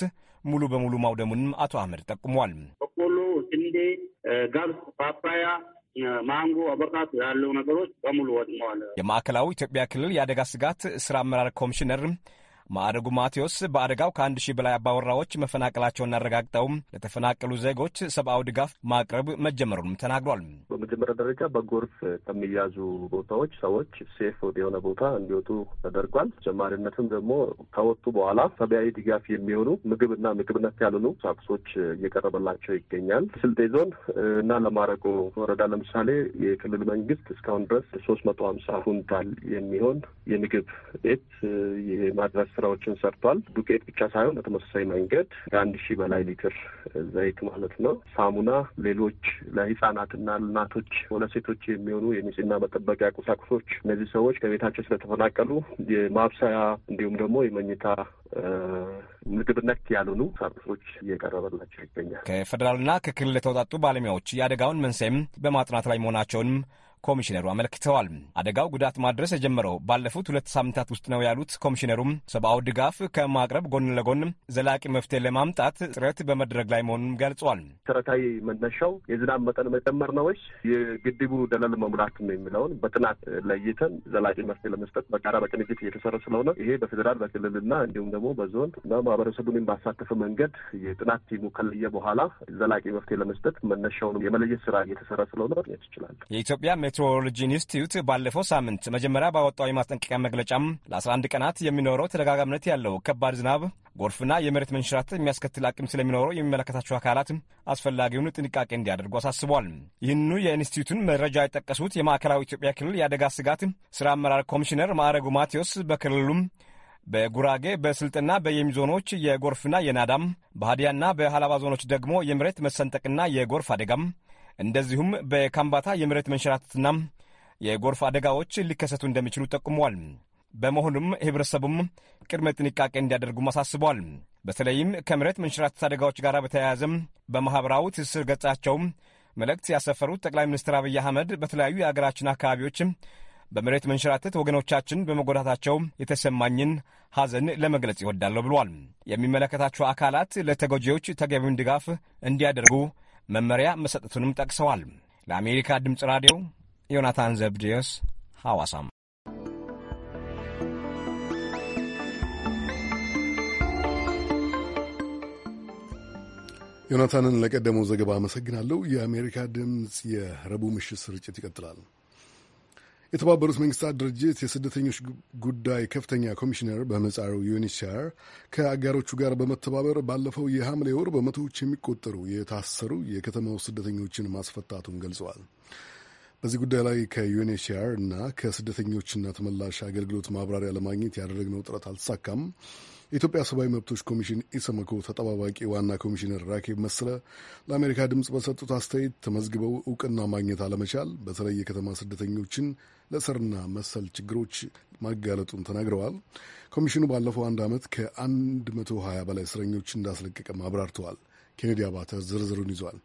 ሙሉ በሙሉ ማውደሙንም አቶ አህመድ ጠቁሟል። በቆሎ፣ ስንዴ፣ ገብስ፣ ፓፓያ ማንጎ አበቃቱ ያለው ነገሮች በሙሉ ወድመዋል። የማዕከላዊ ኢትዮጵያ ክልል የአደጋ ስጋት ስራ አመራር ኮሚሽነር ማዕረጉ ማቴዎስ በአደጋው ከአንድ ሺህ በላይ አባወራዎች መፈናቀላቸውን አረጋግጠው ለተፈናቀሉ ዜጎች ሰብአዊ ድጋፍ ማቅረብ መጀመሩንም ተናግሯል። በመጀመሪያ ደረጃ በጎርፍ ከሚያዙ ቦታዎች ሰዎች ሴፍ የሆነ ቦታ እንዲወጡ ተደርጓል። ተጨማሪነትም ደግሞ ከወጡ በኋላ ሰብአዊ ድጋፍ የሚሆኑ ምግብና ምግብነት ያልሆኑ ቁሳቁሶች እየቀረበላቸው ይገኛል። ስልጤ ዞን እና ለማረቆ ወረዳ ለምሳሌ የክልል መንግስት እስካሁን ድረስ ሶስት መቶ ሀምሳ ኩንታል የሚሆን የምግብ ቤት ማድረስ ስራዎችን ሰርቷል። ዱቄት ብቻ ሳይሆን በተመሳሳይ መንገድ ከአንድ ሺህ በላይ ሊትር ዘይት ማለት ነው፣ ሳሙና፣ ሌሎች ለህጻናትና ለእናቶች ለሴቶች የሚሆኑ የንጽህና መጠበቂያ ቁሳቁሶች። እነዚህ ሰዎች ከቤታቸው ስለተፈናቀሉ የማብሰያ እንዲሁም ደግሞ የመኝታ ምግብ ነክ ያልሆኑ ቁሳቁሶች እየቀረበላቸው ይገኛል። ከፌዴራልና ከክልል የተውጣጡ ባለሙያዎች የአደጋውን መንስኤም በማጥናት ላይ መሆናቸውንም ኮሚሽነሩ አመልክተዋል። አደጋው ጉዳት ማድረስ የጀመረው ባለፉት ሁለት ሳምንታት ውስጥ ነው ያሉት ኮሚሽነሩም ሰብአዊ ድጋፍ ከማቅረብ ጎን ለጎን ዘላቂ መፍትሄ ለማምጣት ጥረት በመድረግ ላይ መሆኑን ገልጿል። መሰረታዊ መነሻው የዝናብ መጠን መጨመር ነዎች የግድቡ ደለል መሙላት ነው የሚለውን በጥናት ለይተን ዘላቂ መፍትሄ ለመስጠት በጋራ በቅንጅት እየተሰራ ስለሆነ ይሄ በፌዴራል በክልልና እንዲሁም ደግሞ በዞን እና ማህበረሰቡንም ባሳተፈ መንገድ የጥናት ቲሙ ከለየ በኋላ ዘላቂ መፍትሄ ለመስጠት መነሻውን የመለየት ስራ እየተሰራ ስለሆነ ያስችላል። የኢትዮጵያ ሜትሮሎጂ ኢንስቲትዩት ባለፈው ሳምንት መጀመሪያ ባወጣው የማስጠንቀቂያ መግለጫም ለ11 ቀናት የሚኖረው ተደጋጋሚነት ያለው ከባድ ዝናብ፣ ጎርፍና የመሬት መንሸራት የሚያስከትል አቅም ስለሚኖረው የሚመለከታቸው አካላት አስፈላጊውን ጥንቃቄ እንዲያደርጉ አሳስቧል። ይህንኑ የኢንስቲትዩቱን መረጃ የጠቀሱት የማዕከላዊ ኢትዮጵያ ክልል የአደጋ ስጋት ስራ አመራር ኮሚሽነር ማዕረጉ ማቴዎስ በክልሉም በጉራጌ በስልጥና በየሚ ዞኖች የጎርፍና የናዳም በሃዲያና በሃላባ ዞኖች ደግሞ የመሬት መሰንጠቅና የጎርፍ አደጋም እንደዚሁም በካምባታ የመሬት መንሸራተትና የጎርፍ አደጋዎች ሊከሰቱ እንደሚችሉ ጠቁመዋል። በመሆኑም ህብረተሰቡም ቅድመ ጥንቃቄ እንዲያደርጉም አሳስበዋል። በተለይም ከመሬት መንሸራተት አደጋዎች ጋር በተያያዘም በማኅበራዊ ትስስር ገጻቸው መልእክት ያሰፈሩት ጠቅላይ ሚኒስትር አብይ አህመድ በተለያዩ የአገራችን አካባቢዎች በመሬት መንሸራተት ወገኖቻችን በመጎዳታቸው የተሰማኝን ሐዘን ለመግለጽ ይወዳለሁ ብሏል። የሚመለከታቸው አካላት ለተጎጂዎች ተገቢውን ድጋፍ እንዲያደርጉ መመሪያ መሰጠቱንም ጠቅሰዋል። ለአሜሪካ ድምፅ ራዲዮ ዮናታን ዘብድዮስ ሐዋሳም ዮናታንን ለቀደመው ዘገባ አመሰግናለሁ። የአሜሪካ ድምፅ የረቡዕ ምሽት ስርጭት ይቀጥላል። የተባበሩት መንግስታት ድርጅት የስደተኞች ጉዳይ ከፍተኛ ኮሚሽነር በምህጻሩ ዩኒሲር ከአጋሮቹ ጋር በመተባበር ባለፈው የሐምሌ ወር በመቶዎች የሚቆጠሩ የታሰሩ የከተማው ስደተኞችን ማስፈታቱን ገልጸዋል። በዚህ ጉዳይ ላይ ከዩኒሲር እና ከስደተኞችና ተመላሽ አገልግሎት ማብራሪያ ለማግኘት ያደረግነው ጥረት አልተሳካም። የኢትዮጵያ ሰብአዊ መብቶች ኮሚሽን ኢሰመኮ ተጠባባቂ ዋና ኮሚሽነር ራኬብ መሰለ ለአሜሪካ ድምፅ በሰጡት አስተያየት ተመዝግበው እውቅና ማግኘት አለመቻል በተለይ የከተማ ስደተኞችን ለእስርና መሰል ችግሮች ማጋለጡን ተናግረዋል። ኮሚሽኑ ባለፈው አንድ ዓመት ከ120 በላይ እስረኞች እንዳስለቀቀም አብራርተዋል። ኬኔዲ አባተ ዝርዝሩን ይዟል።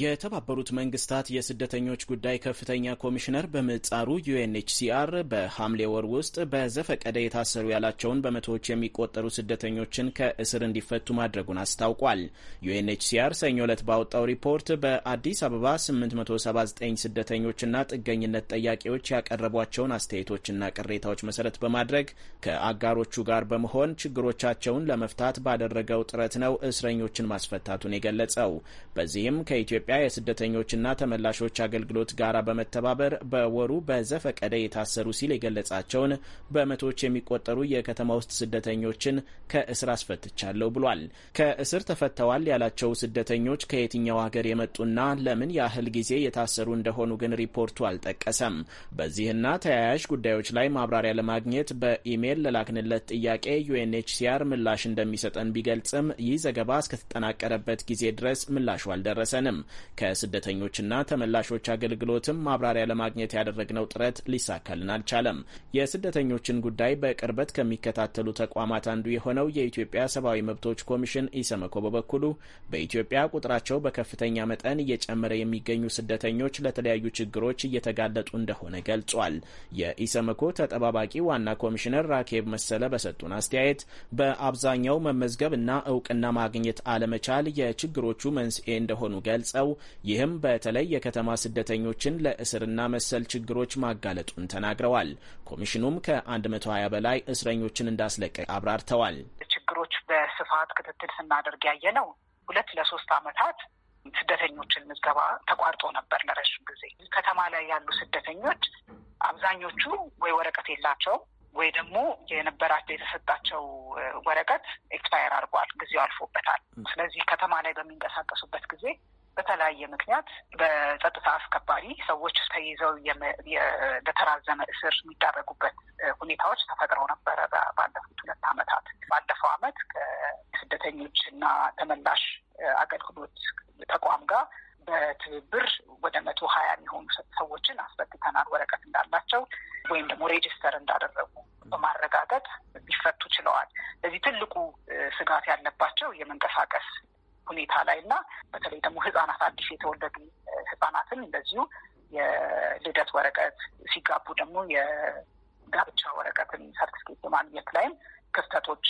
የተባበሩት መንግስታት የስደተኞች ጉዳይ ከፍተኛ ኮሚሽነር በምህጻሩ ዩኤንኤችሲአር በሐምሌ ወር ውስጥ በዘፈቀደ የታሰሩ ያላቸውን በመቶዎች የሚቆጠሩ ስደተኞችን ከእስር እንዲፈቱ ማድረጉን አስታውቋል። ዩኤንኤችሲአር ሰኞ ዕለት ባወጣው ሪፖርት በአዲስ አበባ 879 ስደተኞችና ጥገኝነት ጠያቂዎች ያቀረቧቸውን አስተያየቶችና ቅሬታዎች መሰረት በማድረግ ከአጋሮቹ ጋር በመሆን ችግሮቻቸውን ለመፍታት ባደረገው ጥረት ነው እስረኞችን ማስፈታቱን የገለጸው። በዚህም ከኢትዮ ኢትዮጵያ የስደተኞችና ተመላሾች አገልግሎት ጋር በመተባበር በወሩ በዘፈቀደ የታሰሩ ሲል የገለጻቸውን በመቶዎች የሚቆጠሩ የከተማ ውስጥ ስደተኞችን ከእስር አስፈትቻለሁ ብሏል። ከእስር ተፈተዋል ያላቸው ስደተኞች ከየትኛው ሀገር የመጡና ለምን ያህል ጊዜ የታሰሩ እንደሆኑ ግን ሪፖርቱ አልጠቀሰም። በዚህና ተያያዥ ጉዳዮች ላይ ማብራሪያ ለማግኘት በኢሜይል ለላክንለት ጥያቄ ዩኤንኤችሲአር ምላሽ እንደሚሰጠን ቢገልጽም ይህ ዘገባ እስከተጠናቀረበት ጊዜ ድረስ ምላሹ አልደረሰንም። ከስደተኞችና ተመላሾች አገልግሎትም ማብራሪያ ለማግኘት ያደረግነው ጥረት ሊሳካልን አልቻለም። የስደተኞችን ጉዳይ በቅርበት ከሚከታተሉ ተቋማት አንዱ የሆነው የኢትዮጵያ ሰብአዊ መብቶች ኮሚሽን ኢሰመኮ በበኩሉ በኢትዮጵያ ቁጥራቸው በከፍተኛ መጠን እየጨመረ የሚገኙ ስደተኞች ለተለያዩ ችግሮች እየተጋለጡ እንደሆነ ገልጿል። የኢሰመኮ ተጠባባቂ ዋና ኮሚሽነር ራኬብ መሰለ በሰጡን አስተያየት በአብዛኛው መመዝገብ እውቅና ማግኘት አለመቻል የችግሮቹ መንስኤ እንደሆኑ ገልጸው ገለጸው። ይህም በተለይ የከተማ ስደተኞችን ለእስርና መሰል ችግሮች ማጋለጡን ተናግረዋል። ኮሚሽኑም ከ120 በላይ እስረኞችን እንዳስለቀቅ አብራርተዋል። ችግሮች በስፋት ክትትል ስናደርግ ያየ ነው። ሁለት ለሶስት አመታት ስደተኞችን ምዝገባ ተቋርጦ ነበር ለረዥም ጊዜ። ከተማ ላይ ያሉ ስደተኞች አብዛኞቹ ወይ ወረቀት የላቸው ወይ ደግሞ የነበራቸው የተሰጣቸው ወረቀት ኤክስፓየር አድርጓል፣ ጊዜው አልፎበታል። ስለዚህ ከተማ ላይ በሚንቀሳቀሱበት ጊዜ በተለያየ ምክንያት በጸጥታ አስከባሪ ሰዎች ተይዘው ለተራዘመ እስር የሚዳረጉበት ሁኔታዎች ተፈጥረው ነበረ። ባለፉት ሁለት ዓመታት ባለፈው ዓመት ከስደተኞች እና ተመላሽ አገልግሎት ተቋም ጋር በትብብር ወደ መቶ ሀያ የሚሆኑ ሰዎችን አስበትተናል ወረቀት እንዳላቸው ወይም ደግሞ ሬጅስተር እንዳደረጉ በማረጋገጥ ሊፈቱ ችለዋል። ለዚህ ትልቁ ስጋት ያለባቸው የመንቀሳቀስ ሁኔታ ላይ እና በተለይ ደግሞ ህጻናት አዲስ የተወለዱ ህጻናትን እንደዚሁ የልደት ወረቀት ሲጋቡ ደግሞ የጋብቻ ወረቀትን ሰርቲፊኬት በማግኘት ላይም ክፍተቶች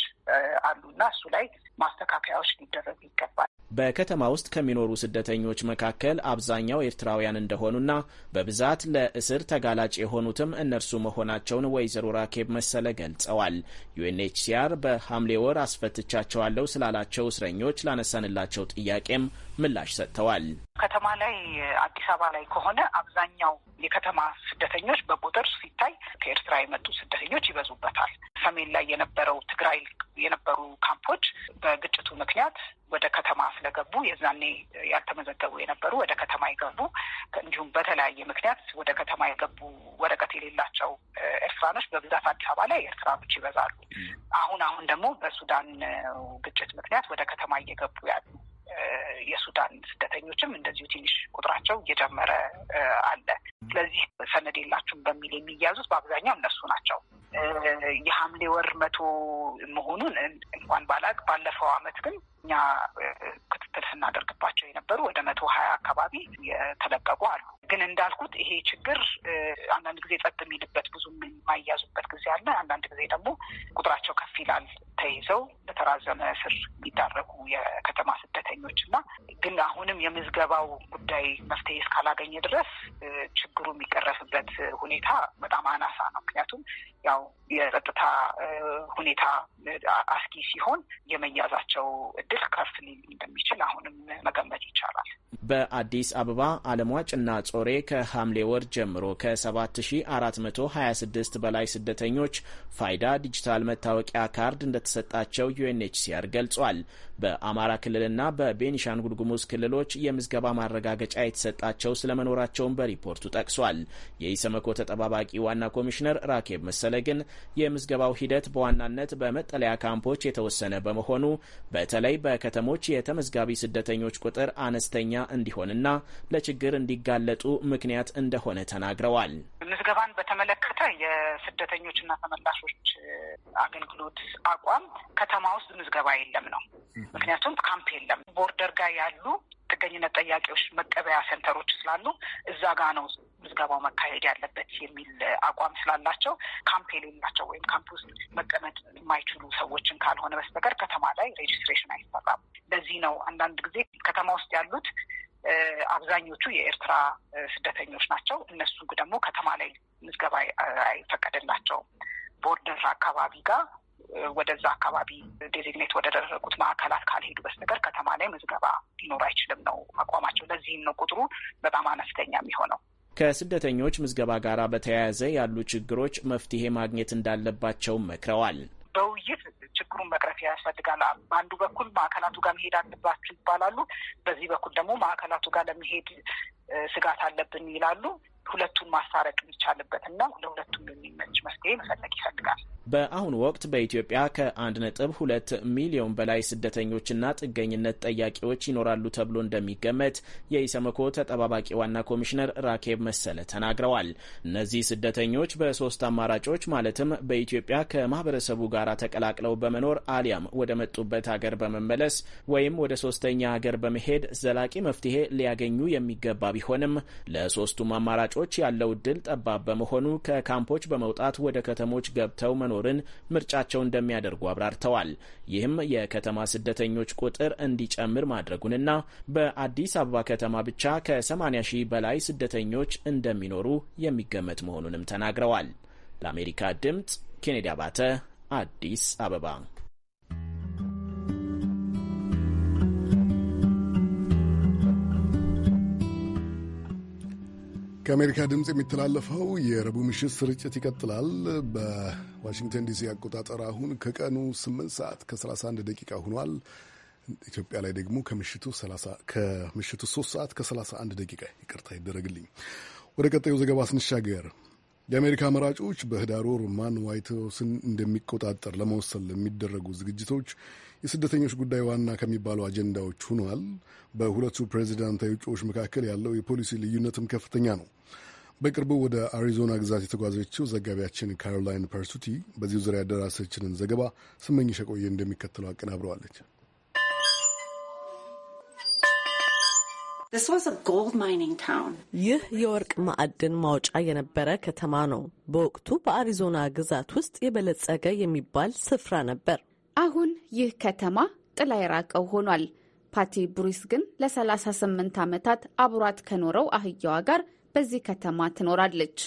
አሉና እሱ ላይ ማስተካከያዎች ሊደረጉ ይገባል። በከተማ ውስጥ ከሚኖሩ ስደተኞች መካከል አብዛኛው ኤርትራውያን እንደሆኑና በብዛት ለእስር ተጋላጭ የሆኑትም እነርሱ መሆናቸውን ወይዘሮ ራኬብ መሰለ ገልጸዋል። ዩኤንኤችሲአር በሐምሌ ወር አስፈትቻቸዋለሁ ስላላቸው እስረኞች ላነሳንላቸው ጥያቄም ምላሽ ሰጥተዋል። ከተማ ላይ አዲስ አበባ ላይ ከሆነ አብዛኛው የከተማ ስደተኞች በቁጥር ላይ የነበረው ትግራይ የነበሩ ካምፖች በግጭቱ ምክንያት ወደ ከተማ ስለገቡ የዛኔ ያልተመዘገቡ የነበሩ ወደ ከተማ የገቡ እንዲሁም በተለያየ ምክንያት ወደ ከተማ የገቡ ወረቀት የሌላቸው ኤርትራኖች በብዛት አዲስ አበባ ላይ ኤርትራኖች ይበዛሉ። አሁን አሁን ደግሞ በሱዳን ግጭት ምክንያት ወደ ከተማ እየገቡ ያሉ የሱዳን ስደተኞችም እንደዚሁ ትንሽ ቁጥራቸው እየጨመረ አለ። ስለዚህ ሰነድ የላችሁም በሚል የሚያዙት በአብዛኛው እነሱ ናቸው። የሐምሌ ወር መቶ መሆኑን እንኳን ባላቅ ባለፈው አመት ግን እኛ ክትትል ስናደርግባቸው የነበሩ ወደ መቶ ሀያ አካባቢ የተለቀቁ አሉ። ግን እንዳልኩት ይሄ ችግር አንዳንድ ጊዜ ጸጥ የሚልበት ብዙም የማያዙበት ጊዜ አለ። አንዳንድ ጊዜ ደግሞ ቁጥራቸው ከፍ ይላል ተይዘው በተራዘመ እስር የሚዳረጉ የከተማ ስደተኞች እና ግን አሁንም የምዝገባው ጉዳይ መፍትሄ እስካላገኘ ድረስ ችግሩ የሚቀረፍበት ሁኔታ በጣም አናሳ ነው። ምክንያቱም ያው የጸጥታ ሁኔታ አስጊ ሲሆን የመያዛቸው እድል ከፍ ሊል እንደሚችል አሁንም መገመት ይቻላል። በአዲስ አበባ አለሟጭ እና ጾሬ ከሐምሌ ወር ጀምሮ ከ7426 በላይ ስደተኞች ፋይዳ ዲጂታል መታወቂያ ካርድ እንደተሰጣቸው ዩ ዩኤንኤችሲአር ገልጿል። በአማራ ክልልና በቤኒሻንጉል ጉሙዝ ክልሎች የምዝገባ ማረጋገጫ የተሰጣቸው ስለመኖራቸውን በሪፖርቱ ጠቅሷል። የኢሰመኮ ተጠባባቂ ዋና ኮሚሽነር ራኬብ መሰለ ግን የምዝገባው ሂደት በዋናነት በመጠለያ ካምፖች የተወሰነ በመሆኑ በተለይ በከተሞች የተመዝጋቢ ስደተኞች ቁጥር አነስተኛ እንዲሆንና ለችግር እንዲጋለጡ ምክንያት እንደሆነ ተናግረዋል። ምዝገባን በተመለከተ የስደተኞችና ተመላሾች አገልግሎት አቋም ከተማ ውስጥ ምዝገባ የለም ነው። ምክንያቱም ካምፕ የለም። ቦርደር ጋር ያሉ ጥገኝነት ጠያቂዎች መቀበያ ሴንተሮች ስላሉ እዛ ጋ ነው ምዝገባው መካሄድ ያለበት የሚል አቋም ስላላቸው ካምፕ የሌላቸው ወይም ካምፕ ውስጥ መቀመጥ የማይችሉ ሰዎችን ካልሆነ በስተቀር ከተማ ላይ ሬጅስትሬሽን አይሰራም። ለዚህ ነው አንዳንድ ጊዜ ከተማ ውስጥ ያሉት አብዛኞቹ የኤርትራ ስደተኞች ናቸው። እነሱ ደግሞ ከተማ ላይ ምዝገባ አይፈቀድላቸውም ቦርደር አካባቢ ጋር ወደዛ አካባቢ ዴዚግኔት ወደደረጉት ማዕከላት ካልሄዱ በስተቀር ከተማ ላይ ምዝገባ ሊኖር አይችልም ነው አቋማቸው። ለዚህም ነው ቁጥሩ በጣም አነስተኛ የሚሆነው። ከስደተኞች ምዝገባ ጋር በተያያዘ ያሉ ችግሮች መፍትሄ ማግኘት እንዳለባቸው መክረዋል። በውይይት ችግሩን መቅረፍ ያስፈልጋል። በአንዱ በኩል ማዕከላቱ ጋር መሄድ አለባችሁ ይባላሉ። በዚህ በኩል ደግሞ ማዕከላቱ ጋር ለመሄድ ስጋት አለብን ይላሉ። ሁለቱን ማስታረቅ የሚቻልበት እና ለሁለቱም የሚመች መፍትሄ መፈለግ ይፈልጋል። በአሁኑ ወቅት በኢትዮጵያ ከአንድ ነጥብ ሁለት ሚሊዮን በላይ ስደተኞችና ጥገኝነት ጠያቂዎች ይኖራሉ ተብሎ እንደሚገመት የኢሰመኮ ተጠባባቂ ዋና ኮሚሽነር ራኬብ መሰለ ተናግረዋል። እነዚህ ስደተኞች በሶስት አማራጮች ማለትም በኢትዮጵያ ከማህበረሰቡ ጋር ተቀላቅለው በመኖር አሊያም ወደ መጡበት ሀገር በመመለስ ወይም ወደ ሶስተኛ ሀገር በመሄድ ዘላቂ መፍትሄ ሊያገኙ የሚገባ ቢሆንም ለሶስቱም አማራጭ ለመራጮች ያለው እድል ጠባብ በመሆኑ ከካምፖች በመውጣት ወደ ከተሞች ገብተው መኖርን ምርጫቸው እንደሚያደርጉ አብራርተዋል። ይህም የከተማ ስደተኞች ቁጥር እንዲጨምር ማድረጉንና በአዲስ አበባ ከተማ ብቻ ከ80 ሺህ በላይ ስደተኞች እንደሚኖሩ የሚገመት መሆኑንም ተናግረዋል። ለአሜሪካ ድምፅ ኬኔዲ አባተ አዲስ አበባ ከአሜሪካ ድምፅ የሚተላለፈው የረቡዕ ምሽት ስርጭት ይቀጥላል። በዋሽንግተን ዲሲ አቆጣጠር አሁን ከቀኑ 8 ሰዓት ከ31 ደቂቃ ሆኗል። ኢትዮጵያ ላይ ደግሞ ከምሽቱ 3 ሰዓት ከ31 ደቂቃ ይቅርታ ይደረግልኝ። ወደ ቀጣዩ ዘገባ ስንሻገር የአሜሪካ መራጮች በህዳር ወር ማን ዋይት ሀውስን እንደሚቆጣጠር ለመወሰን ለሚደረጉ ዝግጅቶች የስደተኞች ጉዳይ ዋና ከሚባሉ አጀንዳዎች ሆኗል። በሁለቱ ፕሬዚዳንታዊ እጩዎች መካከል ያለው የፖሊሲ ልዩነትም ከፍተኛ ነው። በቅርቡ ወደ አሪዞና ግዛት የተጓዘችው ዘጋቢያችን ካሮላይን ፐርሱቲ በዚሁ ዙሪያ ያደራሰችንን ዘገባ ስመኝሽ ቆየ እንደሚከተለው አቀናብረዋለች። ይህ የወርቅ ማዕድን ማውጫ የነበረ ከተማ ነው። በወቅቱ በአሪዞና ግዛት ውስጥ የበለጸገ የሚባል ስፍራ ነበር። አሁን ይህ ከተማ ጥላ የራቀው ሆኗል። ፓቲ ብሩስ ግን ለ38 ዓመታት አብሯት ከኖረው አህያዋ ጋር በዚህ ከተማ ትኖራለች።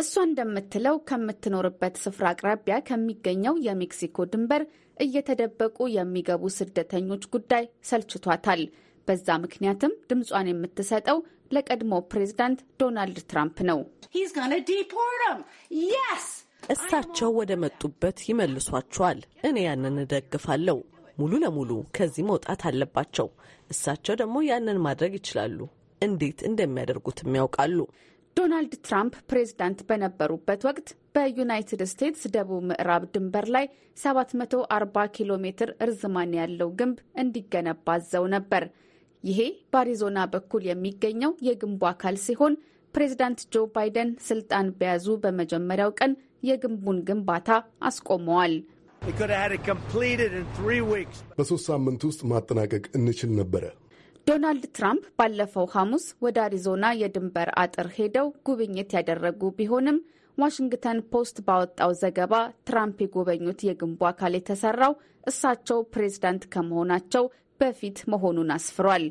እሷ እንደምትለው ከምትኖርበት ስፍራ አቅራቢያ ከሚገኘው የሜክሲኮ ድንበር እየተደበቁ የሚገቡ ስደተኞች ጉዳይ ሰልችቷታል። በዛ ምክንያትም ድምጿን የምትሰጠው ለቀድሞ ፕሬዝዳንት ዶናልድ ትራምፕ ነው። እሳቸው ወደ መጡበት ይመልሷቸዋል። እኔ ያንን እደግፋለሁ። ሙሉ ለሙሉ ከዚህ መውጣት አለባቸው። እሳቸው ደግሞ ያንን ማድረግ ይችላሉ። እንዴት እንደሚያደርጉትም ያውቃሉ። ዶናልድ ትራምፕ ፕሬዝዳንት በነበሩበት ወቅት በዩናይትድ ስቴትስ ደቡብ ምዕራብ ድንበር ላይ 740 ኪሎ ሜትር እርዝማን ያለው ግንብ እንዲገነባ አዘው ነበር። ይሄ በአሪዞና በኩል የሚገኘው የግንቡ አካል ሲሆን ፕሬዝዳንት ጆ ባይደን ስልጣን በያዙ በመጀመሪያው ቀን የግንቡን ግንባታ አስቆመዋል። በሶስት ሳምንት ውስጥ ማጠናቀቅ እንችል ነበረ። ዶናልድ ትራምፕ ባለፈው ሐሙስ ወደ አሪዞና የድንበር አጥር ሄደው ጉብኝት ያደረጉ ቢሆንም ዋሽንግተን ፖስት ባወጣው ዘገባ ትራምፕ የጎበኙት የግንቡ አካል የተሰራው እሳቸው ፕሬዝዳንት ከመሆናቸው በፊት መሆኑን አስፍሯል።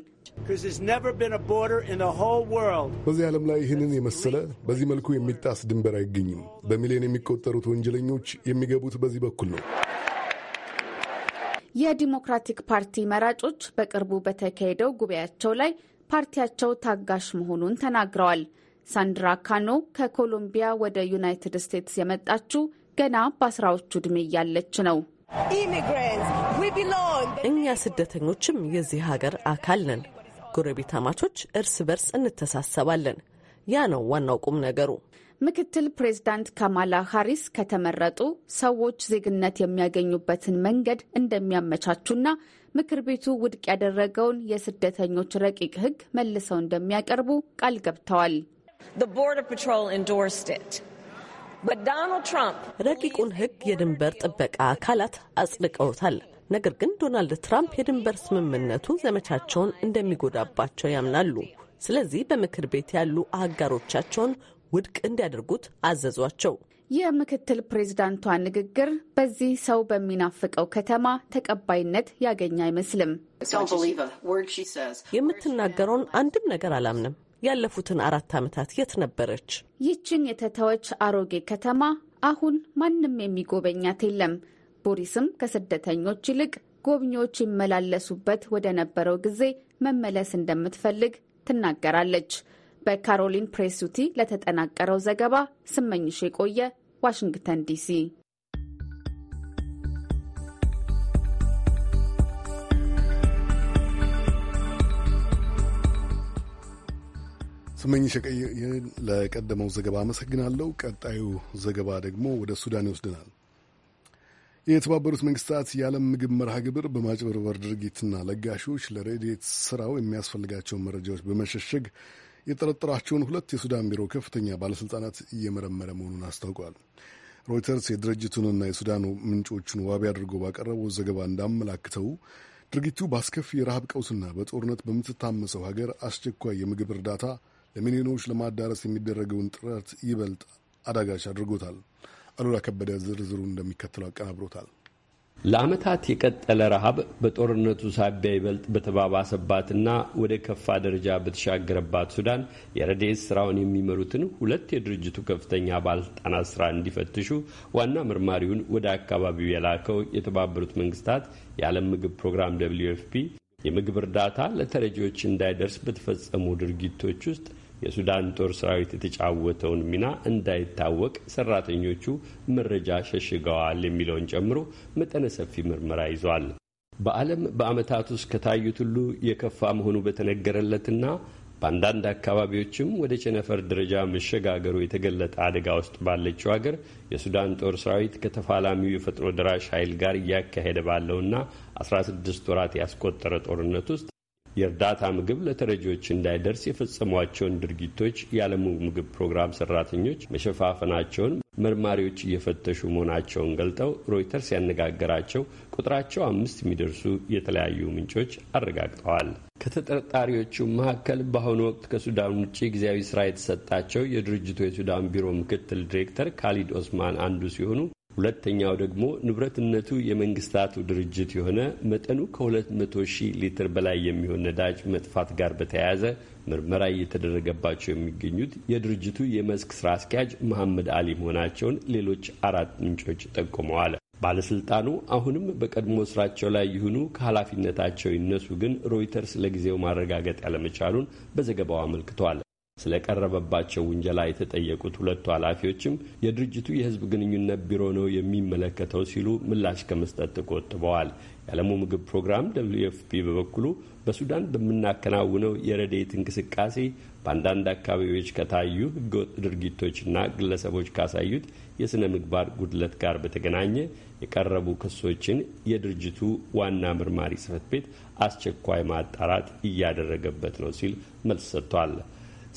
በዚህ ዓለም ላይ ይህንን የመሰለ በዚህ መልኩ የሚጣስ ድንበር አይገኝም። በሚሊዮን የሚቆጠሩት ወንጀለኞች የሚገቡት በዚህ በኩል ነው። የዲሞክራቲክ ፓርቲ መራጮች በቅርቡ በተካሄደው ጉባኤያቸው ላይ ፓርቲያቸው ታጋሽ መሆኑን ተናግረዋል። ሳንድራ ካኖ ከኮሎምቢያ ወደ ዩናይትድ ስቴትስ የመጣችው ገና በአስራዎቹ ዕድሜ እያለች ነው። እኛ ስደተኞችም የዚህ ሀገር አካል ነን። ጎረቤታማቾች እርስ በርስ እንተሳሰባለን። ያ ነው ዋናው ቁም ነገሩ። ምክትል ፕሬዚዳንት ካማላ ሃሪስ ከተመረጡ ሰዎች ዜግነት የሚያገኙበትን መንገድ እንደሚያመቻቹና ምክር ቤቱ ውድቅ ያደረገውን የስደተኞች ረቂቅ ሕግ መልሰው እንደሚያቀርቡ ቃል ገብተዋል። ረቂቁን ህግ የድንበር ጥበቃ አካላት አጽድቀውታል። ነገር ግን ዶናልድ ትራምፕ የድንበር ስምምነቱ ዘመቻቸውን እንደሚጎዳባቸው ያምናሉ። ስለዚህ በምክር ቤት ያሉ አጋሮቻቸውን ውድቅ እንዲያደርጉት አዘዟቸው። የምክትል ፕሬዝዳንቷ ንግግር በዚህ ሰው በሚናፍቀው ከተማ ተቀባይነት ያገኘ አይመስልም። የምትናገረውን አንድም ነገር አላምንም። ያለፉትን አራት ዓመታት የት ነበረች? ይችን የተተወች አሮጌ ከተማ አሁን ማንም የሚጎበኛት የለም። ቦሪስም ከስደተኞች ይልቅ ጎብኚዎች ይመላለሱበት ወደ ነበረው ጊዜ መመለስ እንደምትፈልግ ትናገራለች። በካሮሊን ፕሬሱቲ ለተጠናቀረው ዘገባ ስመኝሽ የቆየ ዋሽንግተን ዲሲ ስመኝሽ ለቀደመው ዘገባ አመሰግናለሁ። ቀጣዩ ዘገባ ደግሞ ወደ ሱዳን ይወስድናል። የተባበሩት መንግስታት የዓለም ምግብ መርሃ ግብር በማጭበርበር ድርጊትና ለጋሾች ለረድኤት ስራው የሚያስፈልጋቸውን መረጃዎች በመሸሸግ የጠረጠራቸውን ሁለት የሱዳን ቢሮ ከፍተኛ ባለሥልጣናት እየመረመረ መሆኑን አስታውቋል። ሮይተርስ የድርጅቱንና የሱዳን ምንጮቹን ዋቢ አድርጎ ባቀረበው ዘገባ እንዳመላክተው ድርጊቱ በአስከፊ የረሃብ ቀውስና በጦርነት በምትታመሰው ሀገር አስቸኳይ የምግብ እርዳታ ለሚሊዮኖች ለማዳረስ የሚደረገውን ጥረት ይበልጥ አዳጋች አድርጎታል። አሉላ ከበደ ዝርዝሩ እንደሚከተለው አቀናብሮታል። ለዓመታት የቀጠለ ረሃብ በጦርነቱ ሳቢያ ይበልጥ በተባባሰባትና ወደ ከፋ ደረጃ በተሻገረባት ሱዳን የረድኤት ስራውን የሚመሩትን ሁለት የድርጅቱ ከፍተኛ ባለስልጣናት ስራ እንዲፈትሹ ዋና መርማሪውን ወደ አካባቢው የላከው የተባበሩት መንግስታት የዓለም ምግብ ፕሮግራም ደብልዩ ኤፍ ፒ የምግብ እርዳታ ለተረጂዎች እንዳይደርስ በተፈጸሙ ድርጊቶች ውስጥ የሱዳን ጦር ሰራዊት የተጫወተውን ሚና እንዳይታወቅ ሰራተኞቹ መረጃ ሸሽገዋል የሚለውን ጨምሮ መጠነ ሰፊ ምርመራ ይዟል። በዓለም በዓመታት ውስጥ ከታዩት ሁሉ የከፋ መሆኑ በተነገረለትና በአንዳንድ አካባቢዎችም ወደ ቸነፈር ደረጃ መሸጋገሩ የተገለጠ አደጋ ውስጥ ባለችው ሀገር የሱዳን ጦር ሰራዊት ከተፋላሚው የፈጥኖ ደራሽ ኃይል ጋር እያካሄደ ባለውና 16 ወራት ያስቆጠረ ጦርነት ውስጥ የእርዳታ ምግብ ለተረጂዎች እንዳይደርስ የፈጸሟቸውን ድርጊቶች የዓለሙ ምግብ ፕሮግራም ሰራተኞች መሸፋፈናቸውን መርማሪዎች እየፈተሹ መሆናቸውን ገልጠው ሮይተርስ ያነጋገራቸው ቁጥራቸው አምስት የሚደርሱ የተለያዩ ምንጮች አረጋግጠዋል። ከተጠርጣሪዎቹ መካከል በአሁኑ ወቅት ከሱዳን ውጭ ጊዜያዊ ስራ የተሰጣቸው የድርጅቱ የሱዳን ቢሮ ምክትል ዲሬክተር ካሊድ ኦስማን አንዱ ሲሆኑ ሁለተኛው ደግሞ ንብረትነቱ የመንግስታቱ ድርጅት የሆነ መጠኑ ከ200 ሺህ ሊትር በላይ የሚሆን ነዳጅ መጥፋት ጋር በተያያዘ ምርመራ እየተደረገባቸው የሚገኙት የድርጅቱ የመስክ ስራ አስኪያጅ መሐመድ አሊ መሆናቸውን ሌሎች አራት ምንጮች ጠቁመዋል። ባለስልጣኑ አሁንም በቀድሞ ስራቸው ላይ ይሁኑ ከኃላፊነታቸው ይነሱ ግን ሮይተርስ ለጊዜው ማረጋገጥ ያለመቻሉን በዘገባው አመልክቷል። ስለቀረበባቸው ውንጀላ የተጠየቁት ሁለቱ ኃላፊዎችም የድርጅቱ የሕዝብ ግንኙነት ቢሮ ነው የሚመለከተው ሲሉ ምላሽ ከመስጠት ተቆጥበዋል። የዓለሙ ምግብ ፕሮግራም ደብልዩ ኤፍ ፒ በበኩሉ በሱዳን በምናከናውነው የረድኤት እንቅስቃሴ በአንዳንድ አካባቢዎች ከታዩ ህገወጥ ድርጊቶችና ግለሰቦች ካሳዩት የሥነ ምግባር ጉድለት ጋር በተገናኘ የቀረቡ ክሶችን የድርጅቱ ዋና ምርማሪ ጽፈት ቤት አስቸኳይ ማጣራት እያደረገበት ነው ሲል መልስ ሰጥቷል።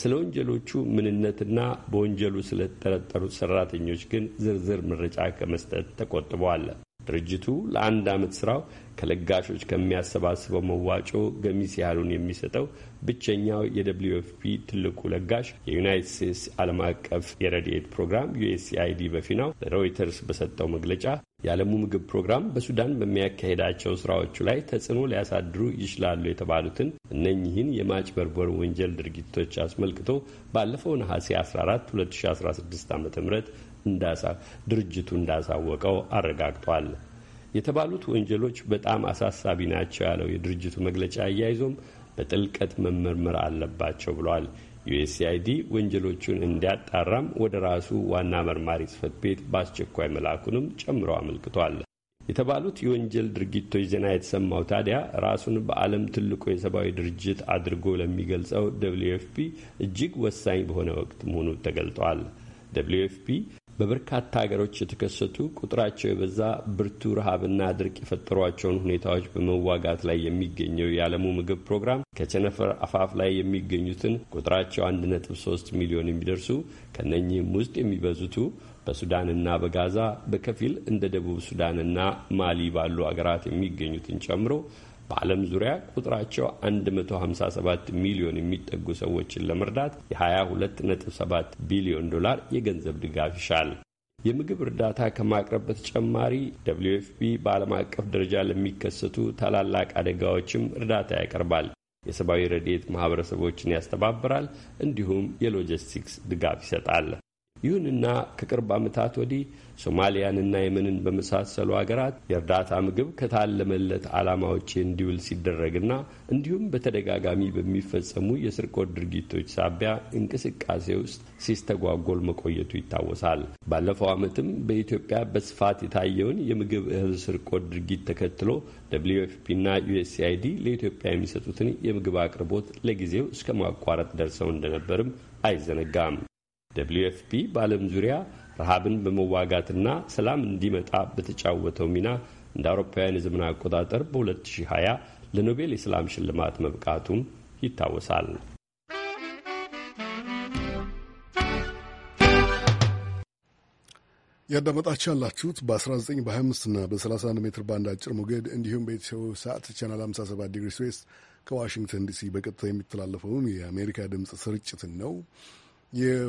ስለ ወንጀሎቹ ምንነትና በወንጀሉ ስለተጠረጠሩት ሰራተኞች ግን ዝርዝር መረጫ ከመስጠት ተቆጥበዋል። ድርጅቱ ለአንድ ዓመት ስራው ከለጋሾች ከሚያሰባስበው መዋጮ ገሚስ ያህሉን የሚሰጠው ብቸኛው የደብሊዩ ኤፍ ፒ ትልቁ ለጋሽ የዩናይትድ ስቴትስ ዓለም አቀፍ የረድኤት ፕሮግራም ዩኤስኤአይዲ በፊናው ለሮይተርስ በሰጠው መግለጫ የዓለሙ ምግብ ፕሮግራም በሱዳን በሚያካሄዳቸው ስራዎቹ ላይ ተጽዕኖ ሊያሳድሩ ይችላሉ የተባሉትን እነኚህን የማጭበርበር ወንጀል ድርጊቶች አስመልክቶ ባለፈው ነሐሴ 14 2016 ዓ ም ድርጅቱ እንዳሳወቀው አረጋግጧል። የተባሉት ወንጀሎች በጣም አሳሳቢ ናቸው ያለው የድርጅቱ መግለጫ አያይዞም በጥልቀት መመርመር አለባቸው ብሏል። ዩኤስኤአይዲ ወንጀሎቹን እንዲያጣራም ወደ ራሱ ዋና መርማሪ ጽህፈት ቤት በአስቸኳይ መላኩንም ጨምሮ አመልክቷል። የተባሉት የወንጀል ድርጊቶች ዜና የተሰማው ታዲያ ራሱን በዓለም ትልቁ የሰብአዊ ድርጅት አድርጎ ለሚገልጸው ደብሊዩ ኤፍ ፒ እጅግ ወሳኝ በሆነ ወቅት መሆኑ ተገልጧል። ደብሊዩ ኤፍ ፒ በበርካታ ሀገሮች የተከሰቱ ቁጥራቸው የበዛ ብርቱ ረሃብና ድርቅ የፈጠሯቸውን ሁኔታዎች በመዋጋት ላይ የሚገኘው የዓለሙ ምግብ ፕሮግራም ከቸነፈር አፋፍ ላይ የሚገኙትን ቁጥራቸው 1.3 ሚሊዮን የሚደርሱ ከነኚህም ውስጥ የሚበዙቱ በሱዳንና በጋዛ በከፊል እንደ ደቡብ ሱዳንና ማሊ ባሉ አገራት የሚገኙትን ጨምሮ በዓለም ዙሪያ ቁጥራቸው 157 ሚሊዮን የሚጠጉ ሰዎችን ለመርዳት የ22.7 ቢሊዮን ዶላር የገንዘብ ድጋፍ ይሻል። የምግብ እርዳታ ከማቅረብ በተጨማሪ ደብሊው ኤፍ ፒ በዓለም አቀፍ ደረጃ ለሚከሰቱ ታላላቅ አደጋዎችም እርዳታ ያቀርባል። የሰብአዊ ረድኤት ማህበረሰቦችን ያስተባብራል፣ እንዲሁም የሎጂስቲክስ ድጋፍ ይሰጣል። ይሁንና ከቅርብ ዓመታት ወዲህ ሶማሊያንና የመንን በመሳሰሉ አገራት የእርዳታ ምግብ ከታለመለት ዓላማዎች እንዲውል ሲደረግና እንዲሁም በተደጋጋሚ በሚፈጸሙ የስርቆት ድርጊቶች ሳቢያ እንቅስቃሴ ውስጥ ሲስተጓጎል መቆየቱ ይታወሳል። ባለፈው ዓመትም በኢትዮጵያ በስፋት የታየውን የምግብ እህል ስርቆት ድርጊት ተከትሎ ደብልዩ ኤፍ ፒ ለኢትዮጵያ የሚሰጡትን የምግብ አቅርቦት ለጊዜው እስከ ማቋረጥ ደርሰው እንደነበርም አይዘነጋም። ደብሊዩ ኤፍፒ በዓለም ዙሪያ ረሃብን በመዋጋትና ሰላም እንዲመጣ በተጫወተው ሚና እንደ አውሮፓውያን የዘመን አቆጣጠር በ2020 ለኖቤል የሰላም ሽልማት መብቃቱም ይታወሳል። ያዳመጣችሁ ያላችሁት በ19 በ25 እና በ31 ሜትር ባንድ አጭር ሞገድ እንዲሁም በኢትዮ ሰዓት ቻናል 57 ዲግሪ ስዌስት ከዋሽንግተን ዲሲ በቀጥታ የሚተላለፈውን የአሜሪካ ድምፅ ስርጭትን ነው።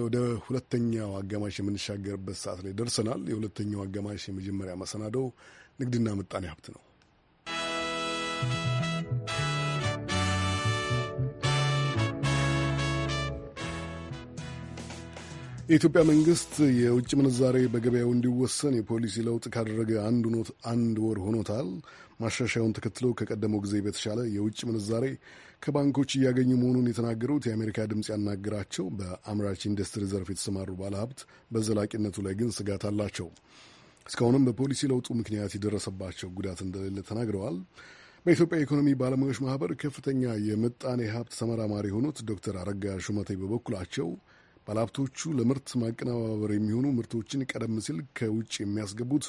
ወደ ሁለተኛው አጋማሽ የምንሻገርበት ሰዓት ላይ ደርሰናል። የሁለተኛው አጋማሽ የመጀመሪያ መሰናደው ንግድና ምጣኔ ሀብት ነው። የኢትዮጵያ መንግስት የውጭ ምንዛሬ በገበያው እንዲወሰን የፖሊሲ ለውጥ ካደረገ አንድ ወር ሆኖታል። ማሻሻያውን ተከትሎ ከቀደመው ጊዜ በተሻለ የውጭ ምንዛሬ ከባንኮች እያገኙ መሆኑን የተናገሩት የአሜሪካ ድምፅ ያናገራቸው በአምራች ኢንዱስትሪ ዘርፍ የተሰማሩ ባለሀብት በዘላቂነቱ ላይ ግን ስጋት አላቸው። እስካሁንም በፖሊሲ ለውጡ ምክንያት የደረሰባቸው ጉዳት እንደሌለ ተናግረዋል። በኢትዮጵያ ኢኮኖሚ ባለሙያዎች ማህበር ከፍተኛ የምጣኔ ሀብት ተመራማሪ የሆኑት ዶክተር አረጋ ሹመቴ በበኩላቸው ባለሀብቶቹ ለምርት ማቀነባበር የሚሆኑ ምርቶችን ቀደም ሲል ከውጭ የሚያስገቡት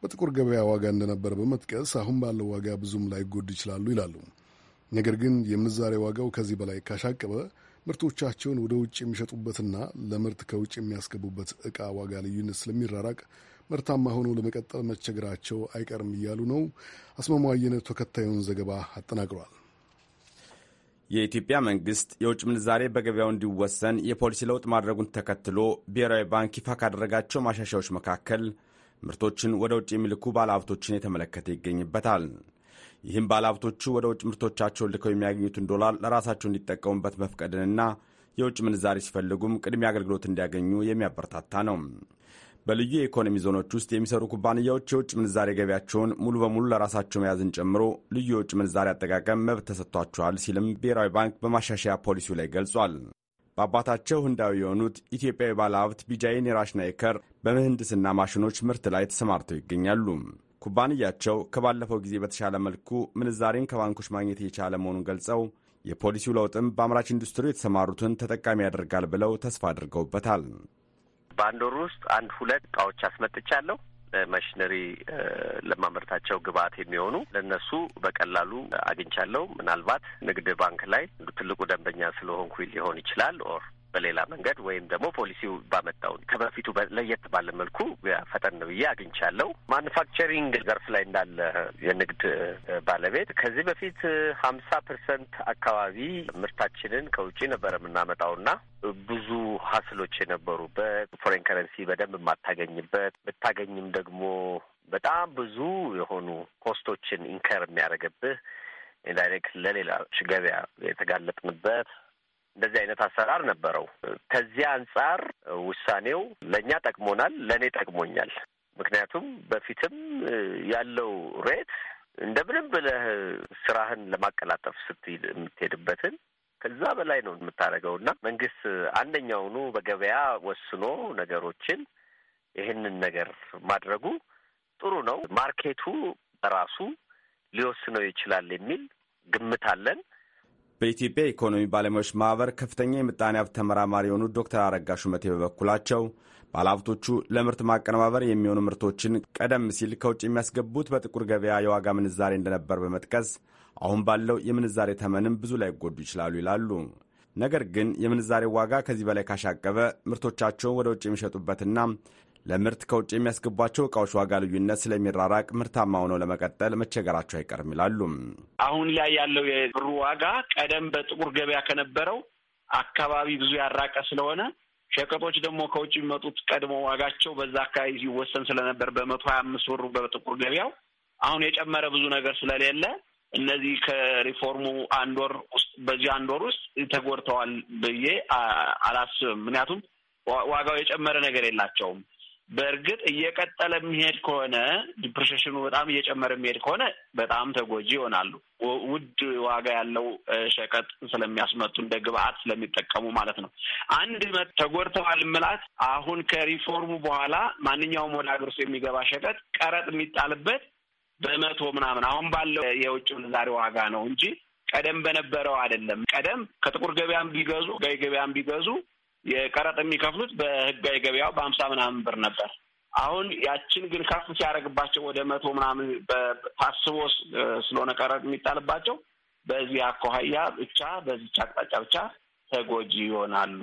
በጥቁር ገበያ ዋጋ እንደነበረ በመጥቀስ አሁን ባለው ዋጋ ብዙም ላይጎዱ ይችላሉ ይላሉ። ነገር ግን የምንዛሬ ዋጋው ከዚህ በላይ ካሻቀበ ምርቶቻቸውን ወደ ውጭ የሚሸጡበትና ለምርት ከውጭ የሚያስገቡበት ዕቃ ዋጋ ልዩነት ስለሚራራቅ ምርታማ ሆኖ ለመቀጠል መቸገራቸው አይቀርም እያሉ ነው። አስማማየነ ተከታዩን ዘገባ አጠናቅሯል። የኢትዮጵያ መንግስት የውጭ ምንዛሬ በገበያው እንዲወሰን የፖሊሲ ለውጥ ማድረጉን ተከትሎ ብሔራዊ ባንክ ይፋ ካደረጋቸው ማሻሻዎች መካከል ምርቶችን ወደ ውጭ የሚልኩ ባለሀብቶችን የተመለከተ ይገኝበታል። ይህም ባለሀብቶቹ ወደ ውጭ ምርቶቻቸው ልከው የሚያገኙትን ዶላር ለራሳቸው እንዲጠቀሙበት መፍቀድንና የውጭ ምንዛሪ ሲፈልጉም ቅድሚያ አገልግሎት እንዲያገኙ የሚያበረታታ ነው። በልዩ የኢኮኖሚ ዞኖች ውስጥ የሚሰሩ ኩባንያዎች የውጭ ምንዛሬ ገቢያቸውን ሙሉ በሙሉ ለራሳቸው መያዝን ጨምሮ ልዩ የውጭ ምንዛሬ አጠቃቀም መብት ተሰጥቷቸዋል ሲልም ብሔራዊ ባንክ በማሻሻያ ፖሊሲው ላይ ገልጿል። በአባታቸው ህንዳዊ የሆኑት ኢትዮጵያዊ ባለሀብት ቢጃይን የራሽናይከር በምህንድስና ማሽኖች ምርት ላይ ተሰማርተው ይገኛሉ። ኩባንያቸው ከባለፈው ጊዜ በተሻለ መልኩ ምንዛሬን ከባንኮች ማግኘት የቻለ መሆኑን ገልጸው የፖሊሲው ለውጥም በአምራች ኢንዱስትሪ የተሰማሩትን ተጠቃሚ ያደርጋል ብለው ተስፋ አድርገውበታል። በአንድ ወር ውስጥ አንድ ሁለት እቃዎች አስመጥቻለሁ። መሽነሪ ለማምረታቸው ግብአት የሚሆኑ ለእነሱ በቀላሉ አግኝቻለሁ። ምናልባት ንግድ ባንክ ላይ ትልቁ ደንበኛ ስለሆንኩ ሊሆን ይችላል ኦር በሌላ መንገድ ወይም ደግሞ ፖሊሲው ባመጣው ከበፊቱ ለየት ባለ መልኩ ፈጠን ብዬ አግኝቻለሁ። ማኑፋክቸሪንግ ዘርፍ ላይ እንዳለ የንግድ ባለቤት ከዚህ በፊት ሀምሳ ፐርሰንት አካባቢ ምርታችንን ከውጭ ነበረ የምናመጣውና ብዙ ሀስሎች የነበሩበት ፎሬን ከረንሲ በደንብ የማታገኝበት ብታገኝም ደግሞ በጣም ብዙ የሆኑ ኮስቶችን ኢንከር የሚያደርግብህ ኢንዳይሬክት ለሌላ ገበያ የተጋለጥንበት እንደዚህ አይነት አሰራር ነበረው። ከዚያ አንጻር ውሳኔው ለእኛ ጠቅሞናል፣ ለእኔ ጠቅሞኛል። ምክንያቱም በፊትም ያለው ሬት እንደምንም ብለህ ስራህን ለማቀላጠፍ ስትል የምትሄድበትን ከዛ በላይ ነው የምታደርገው እና መንግስት አንደኛውኑ በገበያ ወስኖ ነገሮችን ይህንን ነገር ማድረጉ ጥሩ ነው። ማርኬቱ በራሱ ሊወስነው ይችላል የሚል ግምት አለን። በኢትዮጵያ የኢኮኖሚ ባለሙያዎች ማህበር ከፍተኛ የምጣኔ ሀብት ተመራማሪ የሆኑት ዶክተር አረጋ ሹመቴ በበኩላቸው ባለሀብቶቹ ለምርት ማቀነባበር የሚሆኑ ምርቶችን ቀደም ሲል ከውጭ የሚያስገቡት በጥቁር ገበያ የዋጋ ምንዛሬ እንደነበር በመጥቀስ አሁን ባለው የምንዛሬ ተመንም ብዙ ላይጎዱ ይችላሉ ይላሉ። ነገር ግን የምንዛሬ ዋጋ ከዚህ በላይ ካሻቀበ ምርቶቻቸውን ወደ ውጭ የሚሸጡበትና ለምርት ከውጭ የሚያስገቧቸው እቃዎች ዋጋ ልዩነት ስለሚራራቅ ምርታማ ሆነው ለመቀጠል መቸገራቸው አይቀርም ይላሉ። አሁን ላይ ያለው የብሩ ዋጋ ቀደም በጥቁር ገበያ ከነበረው አካባቢ ብዙ ያራቀ ስለሆነ ሸቀጦች ደግሞ ከውጭ የሚመጡት ቀድሞ ዋጋቸው በዛ አካባቢ ሲወሰን ስለነበር በመቶ ሀያ አምስት ብሩ በጥቁር ገበያው አሁን የጨመረ ብዙ ነገር ስለሌለ እነዚህ ከሪፎርሙ አንድ ወር ውስጥ በዚህ አንድ ወር ውስጥ ተጎድተዋል ብዬ አላስብም። ምክንያቱም ዋጋው የጨመረ ነገር የላቸውም። በእርግጥ እየቀጠለ የሚሄድ ከሆነ ዲፕሬሽኑ በጣም እየጨመረ የሚሄድ ከሆነ በጣም ተጎጂ ይሆናሉ። ውድ ዋጋ ያለው ሸቀጥ ስለሚያስመጡ እንደ ግብአት ስለሚጠቀሙ ማለት ነው። አንድ ተጎድተዋል ምላት አሁን ከሪፎርሙ በኋላ ማንኛውም ወደ ሀገር ውስጥ የሚገባ ሸቀጥ ቀረጥ የሚጣልበት በመቶ ምናምን አሁን ባለው የውጭ ምንዛሬ ዋጋ ነው እንጂ ቀደም በነበረው አይደለም። ቀደም ከጥቁር ገበያም ቢገዙ ቀይ ገበያም ቢገዙ የቀረጥ የሚከፍሉት በህጋዊ ገበያው በአምሳ ምናምን ብር ነበር። አሁን ያችን ግን ከፍ ሲያደርግባቸው ወደ መቶ ምናምን ታስቦ ስለሆነ ቀረጥ የሚጣልባቸው በዚህ አኳያ ብቻ በዚች አቅጣጫ ብቻ ተጎጂ ይሆናሉ።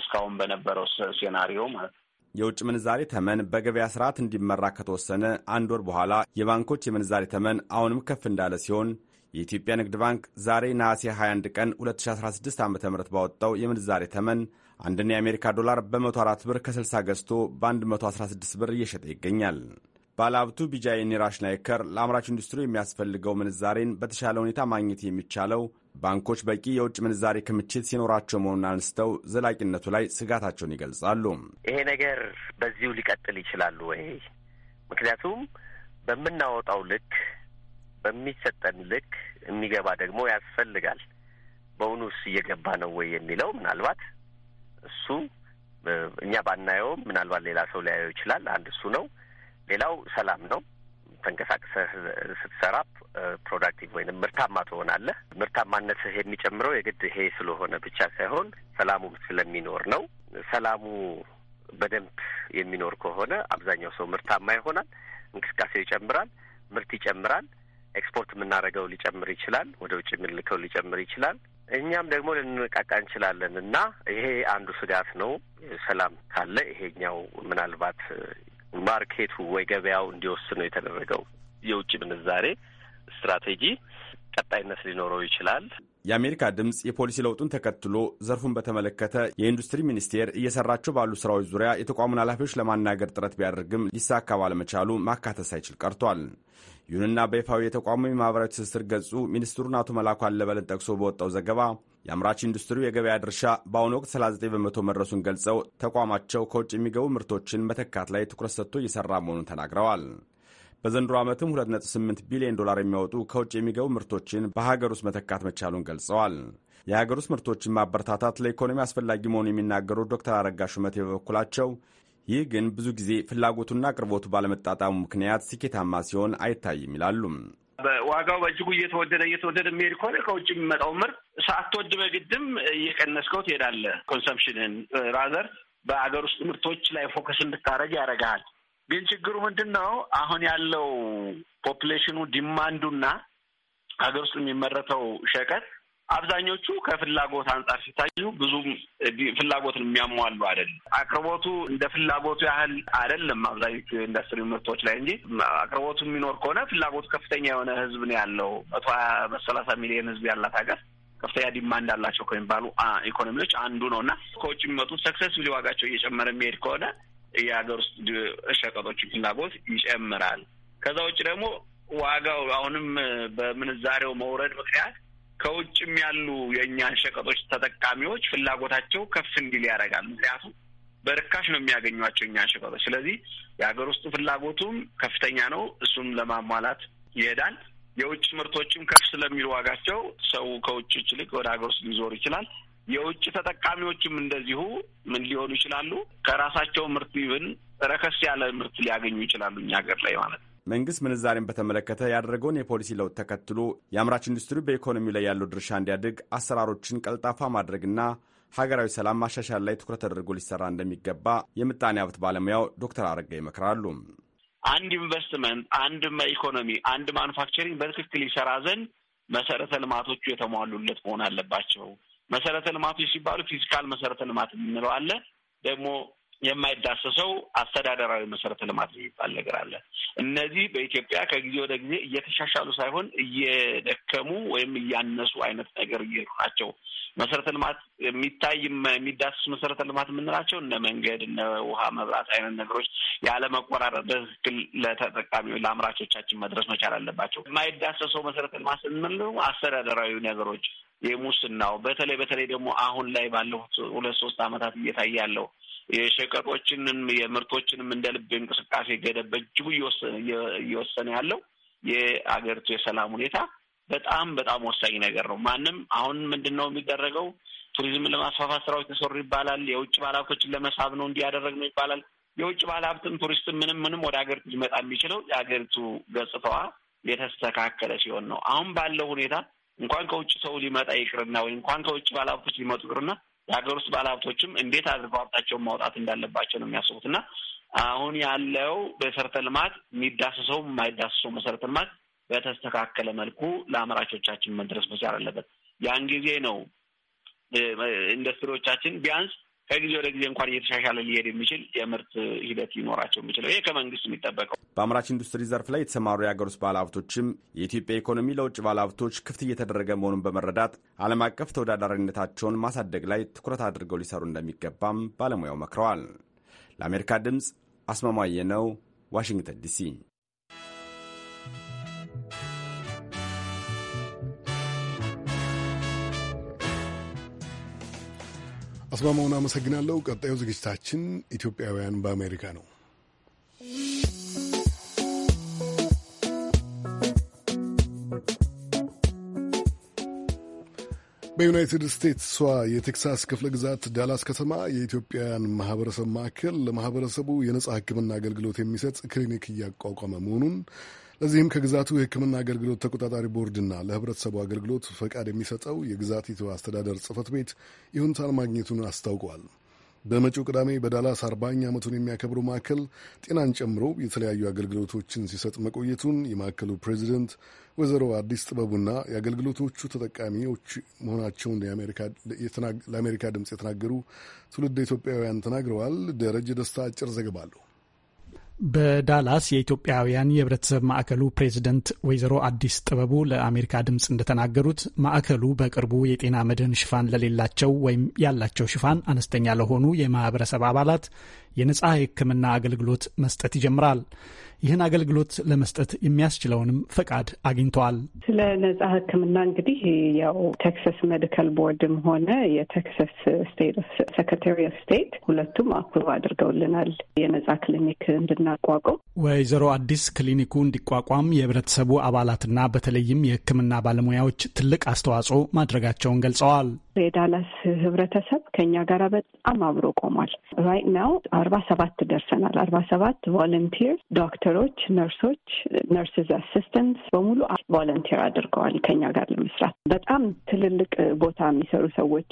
እስካሁን በነበረው ሴናሪዮ ማለት ነው። የውጭ ምንዛሬ ተመን በገበያ ስርዓት እንዲመራ ከተወሰነ አንድ ወር በኋላ የባንኮች የምንዛሬ ተመን አሁንም ከፍ እንዳለ ሲሆን የኢትዮጵያ ንግድ ባንክ ዛሬ ነሐሴ 21 ቀን 2016 ዓ ም ባወጣው የምንዛሬ ተመን አንድን የአሜሪካ ዶላር በ104 ብር ከ60 ገዝቶ በ116 ብር እየሸጠ ይገኛል። ባለሀብቱ ቢጃይ ኒራሽ ናይከር ለአምራች ኢንዱስትሪ የሚያስፈልገው ምንዛሬን በተሻለ ሁኔታ ማግኘት የሚቻለው ባንኮች በቂ የውጭ ምንዛሬ ክምችት ሲኖራቸው መሆኑን አንስተው ዘላቂነቱ ላይ ስጋታቸውን ይገልጻሉ። ይሄ ነገር በዚሁ ሊቀጥል ይችላሉ ወይ? ምክንያቱም በምናወጣው ልክ በሚሰጠን ልክ የሚገባ ደግሞ ያስፈልጋል። በእውኑስ እየገባ ነው ወይ የሚለው ምናልባት እሱ እኛ ባናየውም ምናልባት ሌላ ሰው ሊያየው ይችላል። አንድ እሱ ነው። ሌላው ሰላም ነው። ተንቀሳቀሰ ስትሰራ ፕሮዳክቲቭ ወይንም ምርታማ ትሆናለህ። ምርታማነትህ የሚጨምረው የግድ ይሄ ስለሆነ ብቻ ሳይሆን ሰላሙ ስለሚኖር ነው። ሰላሙ በደንብ የሚኖር ከሆነ አብዛኛው ሰው ምርታማ ይሆናል። እንቅስቃሴው ይጨምራል። ምርት ይጨምራል። ኤክስፖርት የምናደርገው ሊጨምር ይችላል። ወደ ውጭ የምንልከው ሊጨምር ይችላል። እኛም ደግሞ ልንነቃቃ እንችላለን እና ይሄ አንዱ ስጋት ነው። ሰላም ካለ ይሄኛው ምናልባት ማርኬቱ ወይ ገበያው እንዲወስነው የተደረገው የውጭ ምንዛሬ ስትራቴጂ ቀጣይነት ሊኖረው ይችላል። የአሜሪካ ድምፅ የፖሊሲ ለውጡን ተከትሎ ዘርፉን በተመለከተ የኢንዱስትሪ ሚኒስቴር እየሰራቸው ባሉ ስራዎች ዙሪያ የተቋሙን ኃላፊዎች ለማናገር ጥረት ቢያደርግም ሊሳካ ባለመቻሉ ማካተት ሳይችል ቀርቷል። ይሁንና በይፋዊ የተቋሙ የማኅበራዊ ትስስር ገጹ ሚኒስትሩን አቶ መላኩ አለበልን ጠቅሶ በወጣው ዘገባ የአምራች ኢንዱስትሪው የገበያ ድርሻ በአሁኑ ወቅት 39 በመቶ መድረሱን ገልጸው ተቋማቸው ከውጭ የሚገቡ ምርቶችን መተካት ላይ ትኩረት ሰጥቶ እየሰራ መሆኑን ተናግረዋል። በዘንድሮ ዓመትም 2.8 ቢሊዮን ዶላር የሚያወጡ ከውጭ የሚገቡ ምርቶችን በሀገር ውስጥ መተካት መቻሉን ገልጸዋል። የሀገር ውስጥ ምርቶችን ማበረታታት ለኢኮኖሚ አስፈላጊ መሆኑ የሚናገሩት ዶክተር አረጋ ሹመቴ በበኩላቸው ይህ ግን ብዙ ጊዜ ፍላጎቱና አቅርቦቱ ባለመጣጣሙ ምክንያት ስኬታማ ሲሆን አይታይም ይላሉ። ዋጋው በእጅጉ እየተወደደ እየተወደደ የሚሄድ ከሆነ ከውጭ የሚመጣው ምርት ሳትወድ በግድም እየቀነስከው ትሄዳለህ። ኮንሰምፕሽንን ራዘር በአገር ውስጥ ምርቶች ላይ ፎከስ እንድታደረግ ያደርግሃል። ግን ችግሩ ምንድን ነው? አሁን ያለው ፖፕሌሽኑ ዲማንዱና ሀገር ውስጥ የሚመረተው ሸቀጥ አብዛኞቹ ከፍላጎት አንጻር ሲታዩ ብዙም ፍላጎትን የሚያሟሉ አይደለም። አቅርቦቱ እንደ ፍላጎቱ ያህል አይደለም። አብዛኞቹ የኢንዱስትሪ ምርቶች ላይ እንጂ አቅርቦቱ የሚኖር ከሆነ ፍላጎቱ ከፍተኛ የሆነ ህዝብ ነው ያለው። መቶ ሀያ ሰላሳ ሚሊዮን ህዝብ ያላት ሀገር ከፍተኛ ዲማንድ አላቸው ከሚባሉ ኢኮኖሚዎች አንዱ ነው እና ከውጭ የሚመጡት ሰክሰስፉሊ ዋጋቸው እየጨመረ የሚሄድ ከሆነ የሀገር ውስጥ ሸቀጦችን ፍላጎት ይጨምራል። ከዛ ውጭ ደግሞ ዋጋው አሁንም በምንዛሬው መውረድ ምክንያት ከውጭም ያሉ የእኛን ሸቀጦች ተጠቃሚዎች ፍላጎታቸው ከፍ እንዲል ያደርጋል። ምክንያቱም በርካሽ ነው የሚያገኟቸው እኛን ሸቀጦች። ስለዚህ የሀገር ውስጥ ፍላጎቱም ከፍተኛ ነው። እሱም ለማሟላት ይሄዳል። የውጭ ምርቶችም ከፍ ስለሚሉ ዋጋቸው ሰው ከውጭ ይልቅ ወደ ሀገር ውስጥ ሊዞር ይችላል። የውጭ ተጠቃሚዎችም እንደዚሁ ምን ሊሆኑ ይችላሉ? ከራሳቸው ምርት ይብን ረከስ ያለ ምርት ሊያገኙ ይችላሉ እኛ ሀገር ላይ ማለት ነው። መንግስት ምንዛሬን በተመለከተ ያደረገውን የፖሊሲ ለውጥ ተከትሎ የአምራች ኢንዱስትሪ በኢኮኖሚው ላይ ያለው ድርሻ እንዲያድግ አሰራሮችን ቀልጣፋ ማድረግና ሀገራዊ ሰላም ማሻሻል ላይ ትኩረት ተደርጎ ሊሰራ እንደሚገባ የምጣኔ ሀብት ባለሙያው ዶክተር አረጋ ይመክራሉ። አንድ ኢንቨስትመንት፣ አንድ ኢኮኖሚ፣ አንድ ማኑፋክቸሪንግ በትክክል ይሰራ ዘንድ መሰረተ ልማቶቹ የተሟሉለት መሆን አለባቸው። መሰረተ ልማቶች ሲባሉ ፊዚካል መሰረተ ልማት የምንለው አለ ደግሞ የማይዳሰሰው አስተዳደራዊ መሰረተ ልማት የሚባል ነገር አለ። እነዚህ በኢትዮጵያ ከጊዜ ወደ ጊዜ እየተሻሻሉ ሳይሆን እየደከሙ ወይም እያነሱ አይነት ነገር ናቸው። መሰረተ ልማት የሚታይ የሚዳስስ መሰረተ ልማት የምንላቸው እነ መንገድ፣ እነ ውሃ፣ መብራት አይነት ነገሮች ያለመቆራረጥ በትክክል ለተጠቃሚ ለአምራቾቻችን መድረስ መቻል አለባቸው። የማይዳሰሰው መሰረተ ልማት ስንል አስተዳደራዊ ነገሮች የሙስናው በተለይ በተለይ ደግሞ አሁን ላይ ባለፉት ሁለት ሶስት ዓመታት እየታየ ያለው የሸቀጦችንም የምርቶችንም እንደ ልብ እንቅስቃሴ ገደብ በእጅጉ እየወሰነ ያለው የአገሪቱ የሰላም ሁኔታ በጣም በጣም ወሳኝ ነገር ነው። ማንም አሁን ምንድን ነው የሚደረገው? ቱሪዝምን ለማስፋፋት ስራዎች ተሰሩ ይባላል። የውጭ ባለሀብቶችን ለመሳብ ነው እንዲያደረግ ነው ይባላል። የውጭ ባለሀብትም ቱሪስትም ምንም ምንም ወደ ሀገሪቱ ሊመጣ የሚችለው የሀገሪቱ ገጽታዋ የተስተካከለ ሲሆን ነው። አሁን ባለው ሁኔታ እንኳን ከውጭ ሰው ሊመጣ ይቅርና ወይ እንኳን ከውጭ ባለሀብቶች ሊመጡ ይቅርና የሀገር ውስጥ ባለሀብቶችም እንዴት አድርገው ሀብታቸውን ማውጣት እንዳለባቸው ነው የሚያስቡት እና አሁን ያለው መሰረተ ልማት የሚዳስሰው የማይዳስሰው መሰረተ ልማት በተስተካከለ መልኩ ለአምራቾቻችን መድረስ መቻል አለበት። ያን ጊዜ ነው ኢንዱስትሪዎቻችን ቢያንስ ከጊዜ ወደ ጊዜ እንኳን እየተሻሻለ ሊሄድ የሚችል የምርት ሂደት ሊኖራቸው የሚችለው ይሄ ከመንግስት የሚጠበቀው። በአምራች ኢንዱስትሪ ዘርፍ ላይ የተሰማሩ የሀገር ውስጥ ባለሀብቶችም የኢትዮጵያ ኢኮኖሚ ለውጭ ባለሀብቶች ክፍት እየተደረገ መሆኑን በመረዳት ዓለም አቀፍ ተወዳዳሪነታቸውን ማሳደግ ላይ ትኩረት አድርገው ሊሰሩ እንደሚገባም ባለሙያው መክረዋል። ለአሜሪካ ድምፅ አስማማየ ነው፣ ዋሽንግተን ዲሲ። አስማማውን አመሰግናለሁ። ቀጣዩ ዝግጅታችን ኢትዮጵያውያን በአሜሪካ ነው። በዩናይትድ ስቴትስዋ የቴክሳስ ክፍለ ግዛት ዳላስ ከተማ የኢትዮጵያውያን ማህበረሰብ ማዕከል ለማህበረሰቡ የነጻ ሕክምና አገልግሎት የሚሰጥ ክሊኒክ እያቋቋመ መሆኑን ለዚህም ከግዛቱ የሕክምና አገልግሎት ተቆጣጣሪ ቦርድና ለህብረተሰቡ አገልግሎት ፈቃድ የሚሰጠው የግዛቲቱ አስተዳደር ጽህፈት ቤት ይሁንታን ማግኘቱን አስታውቀዋል። በመጪው ቅዳሜ በዳላስ አርባኛ ዓመቱን የሚያከብሩ ማዕከል ጤናን ጨምሮ የተለያዩ አገልግሎቶችን ሲሰጥ መቆየቱን የማዕከሉ ፕሬዚደንት ወይዘሮ አዲስ ጥበቡና የአገልግሎቶቹ ተጠቃሚዎች መሆናቸውን ለአሜሪካ ድምፅ የተናገሩ ትውልድ ኢትዮጵያውያን ተናግረዋል። ደረጀ ደስታ አጭር ዘገባ አለው። በዳላስ የኢትዮጵያውያን የህብረተሰብ ማዕከሉ ፕሬዝደንት ወይዘሮ አዲስ ጥበቡ ለአሜሪካ ድምፅ እንደተናገሩት ማዕከሉ በቅርቡ የጤና መድህን ሽፋን ለሌላቸው ወይም ያላቸው ሽፋን አነስተኛ ለሆኑ የማህበረሰብ አባላት የነጻ የሕክምና አገልግሎት መስጠት ይጀምራል። ይህን አገልግሎት ለመስጠት የሚያስችለውንም ፈቃድ አግኝተዋል። ስለ ነጻ ሕክምና እንግዲህ ያው ቴክሳስ ሜዲካል ቦርድም ሆነ የቴክሳስ ስቴት ሴክሬታሪ ኦፍ ስቴት ሁለቱም አፕሩቭ አድርገውልናል የነጻ ክሊኒክ እንድናቋቁም። ወይዘሮ አዲስ ክሊኒኩ እንዲቋቋም የህብረተሰቡ አባላትና በተለይም የህክምና ባለሙያዎች ትልቅ አስተዋጽኦ ማድረጋቸውን ገልጸዋል። የዳላስ ህብረተሰብ ከኛ ጋር በጣም አብሮ ቆሟል። ራይት ናው አርባ ሰባት ደርሰናል። አርባ ሰባት ቮለንቲር ዶክተር ዶክተሮች፣ ነርሶች፣ ነርስስ አሲስተንት በሙሉ ቮለንቲር አድርገዋል ከኛ ጋር ለመስራት። በጣም ትልልቅ ቦታ የሚሰሩ ሰዎች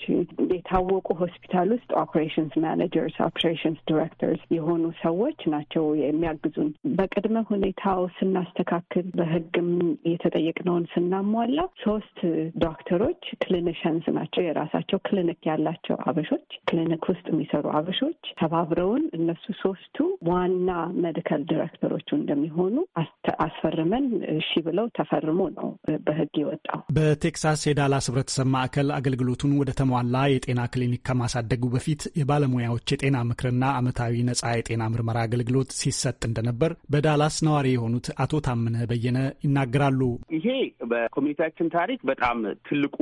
የታወቁ ሆስፒታል ውስጥ ኦፕሬሽንስ ማኔጀርስ፣ ኦፕሬሽንስ ዲሬክተርስ የሆኑ ሰዎች ናቸው የሚያግዙን። በቅድመ ሁኔታው ስናስተካክል በህግም የተጠየቅነውን ስናሟላ ሶስት ዶክተሮች ክሊኒሽንስ ናቸው። የራሳቸው ክሊኒክ ያላቸው አበሾች ክሊኒክ ውስጥ የሚሰሩ አበሾች ተባብረውን እነሱ ሶስቱ ዋና ሜዲካል ዲሬክተሮች ተጠቃሚዎቹ እንደሚሆኑ አስፈርመን እሺ ብለው ተፈርሞ ነው በህግ የወጣው። በቴክሳስ የዳላስ ህብረተሰብ ማዕከል አገልግሎቱን ወደ ተሟላ የጤና ክሊኒክ ከማሳደጉ በፊት የባለሙያዎች የጤና ምክርና አመታዊ ነጻ የጤና ምርመራ አገልግሎት ሲሰጥ እንደነበር በዳላስ ነዋሪ የሆኑት አቶ ታምነ በየነ ይናገራሉ። ይሄ በኮሚኒቲያችን ታሪክ በጣም ትልቁ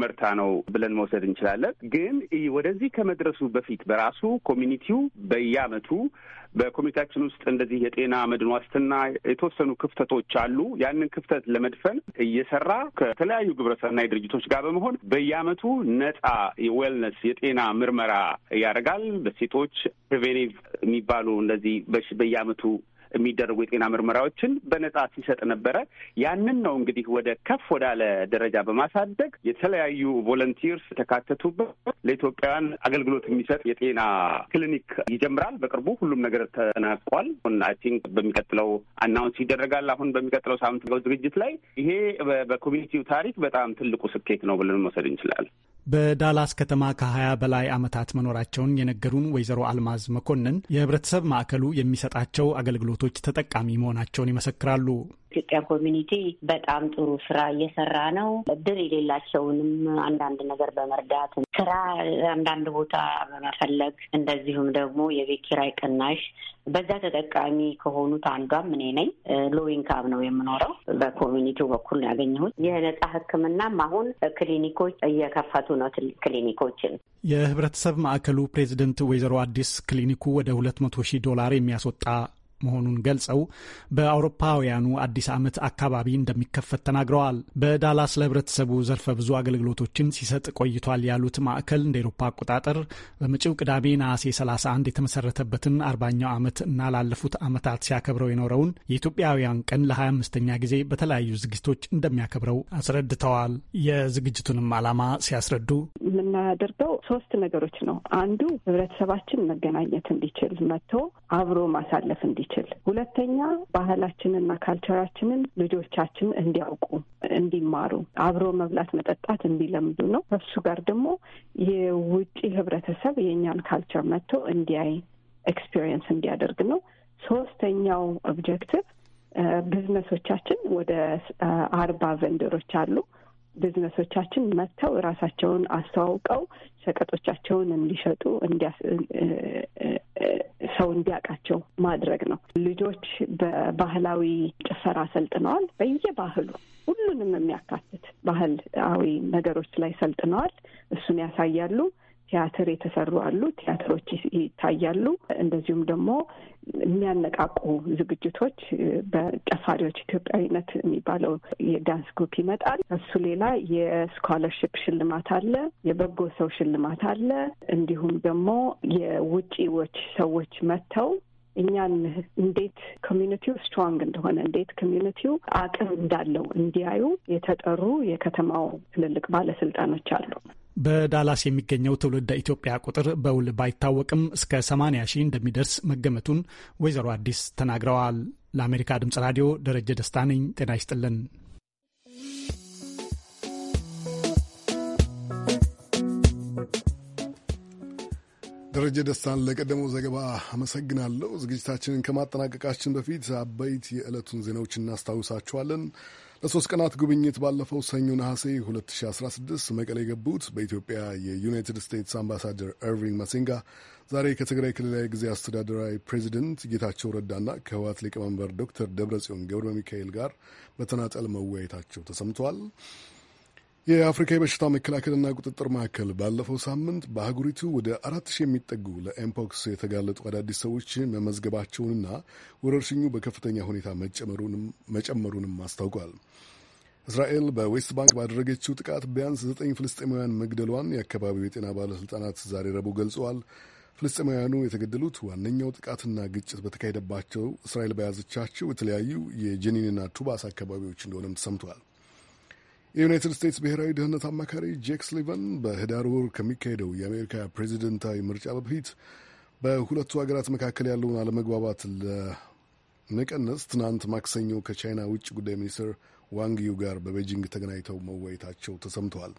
ምርታ ነው ብለን መውሰድ እንችላለን። ግን ወደዚህ ከመድረሱ በፊት በራሱ ኮሚኒቲው በየአመቱ በኮሚኒቲያችን ውስጥ እንደዚህ የጤና መድን ዋስትና የተወሰኑ ክፍተቶች አሉ። ያንን ክፍተት ለመድፈን እየሰራ ከተለያዩ ግብረሰናይ ድርጅቶች ጋር በመሆን በየአመቱ ነጻ የዌልነስ የጤና ምርመራ ያደርጋል። በሴቶች ፕሪቬኒቭ የሚባሉ እንደዚህ በየዓመቱ የሚደረጉ የጤና ምርመራዎችን በነጻ ሲሰጥ ነበረ። ያንን ነው እንግዲህ ወደ ከፍ ወዳለ ደረጃ በማሳደግ የተለያዩ ቮለንቲርስ የተካተቱበት ለኢትዮጵያውያን አገልግሎት የሚሰጥ የጤና ክሊኒክ ይጀምራል። በቅርቡ ሁሉም ነገር ተጠናቋል። አይ ቲንክ በሚቀጥለው አናውንስ ይደረጋል። አሁን በሚቀጥለው ሳምንት ዝግጅት ላይ ይሄ በኮሚኒቲው ታሪክ በጣም ትልቁ ስኬት ነው ብለን መውሰድ እንችላለን። በዳላስ ከተማ ከ20 በላይ ዓመታት መኖራቸውን የነገሩን ወይዘሮ አልማዝ መኮንን የህብረተሰብ ማዕከሉ የሚሰጣቸው አገልግሎቶች ተጠቃሚ መሆናቸውን ይመሰክራሉ። ኢትዮጵያ ኮሚኒቲ በጣም ጥሩ ስራ እየሰራ ነው። እድር የሌላቸውንም አንዳንድ ነገር በመርዳት ስራ አንዳንድ ቦታ በመፈለግ እንደዚሁም ደግሞ የቤት ኪራይ ቅናሽ በዛ ተጠቃሚ ከሆኑት አንዷም እኔ ነኝ። ሎዊንካም ነው የምኖረው። በኮሚኒቲው በኩል ያገኘሁት። የነጻ ሕክምናም አሁን ክሊኒኮች እየከፈቱ ነው ክሊኒኮችን። የህብረተሰብ ማዕከሉ ፕሬዚደንት ወይዘሮ አዲስ ክሊኒኩ ወደ ሁለት መቶ ሺህ ዶላር የሚያስወጣ መሆኑን ገልጸው በአውሮፓውያኑ አዲስ ዓመት አካባቢ እንደሚከፈት ተናግረዋል። በዳላስ ለህብረተሰቡ ዘርፈ ብዙ አገልግሎቶችን ሲሰጥ ቆይቷል ያሉት ማዕከል እንደ ኤሮፓ አቆጣጠር በመጪው ቅዳሜ ነሐሴ 31 የተመሰረተበትን አርባኛው ዓመት እና ላለፉት ዓመታት ሲያከብረው የኖረውን የኢትዮጵያውያን ቀን ለ25ኛ ጊዜ በተለያዩ ዝግጅቶች እንደሚያከብረው አስረድተዋል። የዝግጅቱንም ዓላማ ሲያስረዱ የምናደርገው ሶስት ነገሮች ነው። አንዱ ህብረተሰባችን መገናኘት እንዲችል መጥቶ አብሮ ማሳለፍ እንዲችል እንድንችል፣ ሁለተኛ ባህላችንና ካልቸራችንን ልጆቻችን እንዲያውቁ እንዲማሩ፣ አብሮ መብላት መጠጣት እንዲለምዱ ነው። ከሱ ጋር ደግሞ የውጭ ህብረተሰብ የእኛን ካልቸር መጥቶ እንዲያይ ኤክስፒሪየንስ እንዲያደርግ ነው። ሶስተኛው ኦብጀክቲቭ ቢዝነሶቻችን ወደ አርባ ቬንደሮች አሉ ቢዝነሶቻችን መጥተው ራሳቸውን አስተዋውቀው ሸቀጦቻቸውን እንዲሸጡ ሰው እንዲያውቃቸው ማድረግ ነው። ልጆች በባህላዊ ጭፈራ ሰልጥነዋል። በየባህሉ ሁሉንም የሚያካትት ባህላዊ ነገሮች ላይ ሰልጥነዋል። እሱን ያሳያሉ። ቲያትር የተሰሩ አሉ። ቲያትሮች ይታያሉ። እንደዚሁም ደግሞ የሚያነቃቁ ዝግጅቶች በጨፋሪዎች ኢትዮጵያዊነት የሚባለው የዳንስ ግሩፕ ይመጣል። እሱ ሌላ የስኮለርሽፕ ሽልማት አለ፣ የበጎ ሰው ሽልማት አለ። እንዲሁም ደግሞ የውጪዎች ሰዎች መጥተው እኛን እንዴት ኮሚኒቲው ስትሮንግ እንደሆነ እንዴት ኮሚኒቲው አቅም እንዳለው እንዲያዩ የተጠሩ የከተማው ትልልቅ ባለስልጣኖች አሉ። በዳላስ የሚገኘው ትውልደ ኢትዮጵያ ቁጥር በውል ባይታወቅም እስከ 80 ሺህ እንደሚደርስ መገመቱን ወይዘሮ አዲስ ተናግረዋል። ለአሜሪካ ድምጽ ራዲዮ ደረጀ ደስታ ነኝ። ጤና ይስጥልን። ደረጀ ደስታን ለቀደመው ዘገባ አመሰግናለሁ። ዝግጅታችንን ከማጠናቀቃችን በፊት አበይት የዕለቱን ዜናዎች እናስታውሳችኋለን። ለሶስት ቀናት ጉብኝት ባለፈው ሰኞ ነሐሴ 2016 መቀሌ የገቡት በኢትዮጵያ የዩናይትድ ስቴትስ አምባሳደር ኤርቪንግ ማሲንጋ ዛሬ ከትግራይ ክልላዊ ጊዜ አስተዳደራዊ ፕሬዚደንት ጌታቸው ረዳና ከህወሓት ሊቀመንበር ዶክተር ደብረጽዮን ገብረ ሚካኤል ጋር በተናጠል መወያየታቸው ተሰምተዋል። የአፍሪካ የበሽታ መከላከልና ቁጥጥር ማዕከል ባለፈው ሳምንት በአህጉሪቱ ወደ አራት ሺህ የሚጠጉ ለኤምፖክስ የተጋለጡ አዳዲስ ሰዎች መመዝገባቸውንና ወረርሽኙ በከፍተኛ ሁኔታ መጨመሩንም አስታውቋል። እስራኤል በዌስት ባንክ ባደረገችው ጥቃት ቢያንስ ዘጠኝ ፍልስጤማውያን መግደሏን የአካባቢው የጤና ባለሥልጣናት ዛሬ ረቡዕ ገልጸዋል። ፍልስጤማውያኑ የተገደሉት ዋነኛው ጥቃትና ግጭት በተካሄደባቸው እስራኤል በያዘቻቸው የተለያዩ የጀኒንና ቱባስ አካባቢዎች እንደሆነም ተሰምቷል። የዩናይትድ ስቴትስ ብሔራዊ ደህንነት አማካሪ ጄክ ስሊቨን በህዳር ወር ከሚካሄደው የአሜሪካ ፕሬዚደንታዊ ምርጫ በፊት በሁለቱ ሀገራት መካከል ያለውን አለመግባባት ለመቀነስ ትናንት ማክሰኞ ከቻይና ውጭ ጉዳይ ሚኒስትር ዋንጊው ጋር በቤጂንግ ተገናኝተው መወያየታቸው ተሰምተዋል።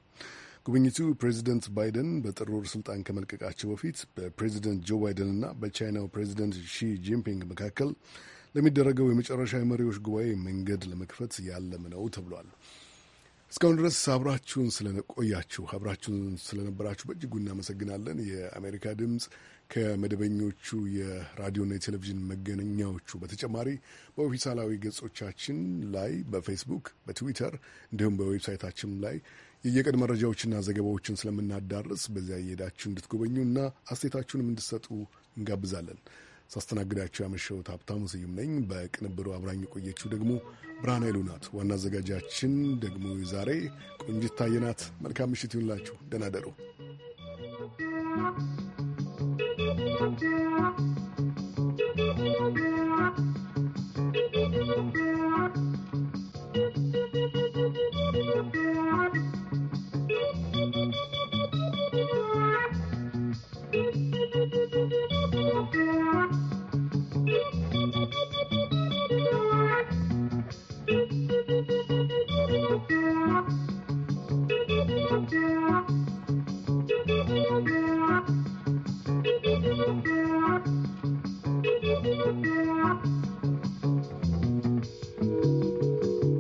ጉብኝቱ ፕሬዚደንት ባይደን በጥር ወር ስልጣን ከመልቀቃቸው በፊት በፕሬዚደንት ጆ እና በቻይናው ፕሬዚደንት ሺ ጂንፒንግ መካከል ለሚደረገው የመጨረሻ የመሪዎች ጉባኤ መንገድ ለመክፈት ያለመ ነው ተብሏል። እስካሁን ድረስ አብራችሁን ስለቆያችሁ አብራችሁን ስለነበራችሁ በእጅጉ እናመሰግናለን። የአሜሪካ ድምፅ ከመደበኞቹ የራዲዮና የቴሌቪዥን መገናኛዎቹ በተጨማሪ በኦፊሳላዊ ገጾቻችን ላይ በፌስቡክ፣ በትዊተር እንዲሁም በዌብሳይታችን ላይ የየቀድ መረጃዎችና ዘገባዎችን ስለምናዳርስ በዚያ እየሄዳችሁ እንድትጎበኙ እና አስተያየታችሁንም እንድትሰጡ እንጋብዛለን። ሳስተናግዳቸው ያመሸሁት ሀብታሙ ስዩም ነኝ። በቅንብሩ አብራኝ የቆየችው ደግሞ ብርሃን ኃይሉ ናት። ዋና አዘጋጃችን ደግሞ ዛሬ ቆንጅት ታየናት። መልካም ምሽት ይሁንላችሁ። ደህና you.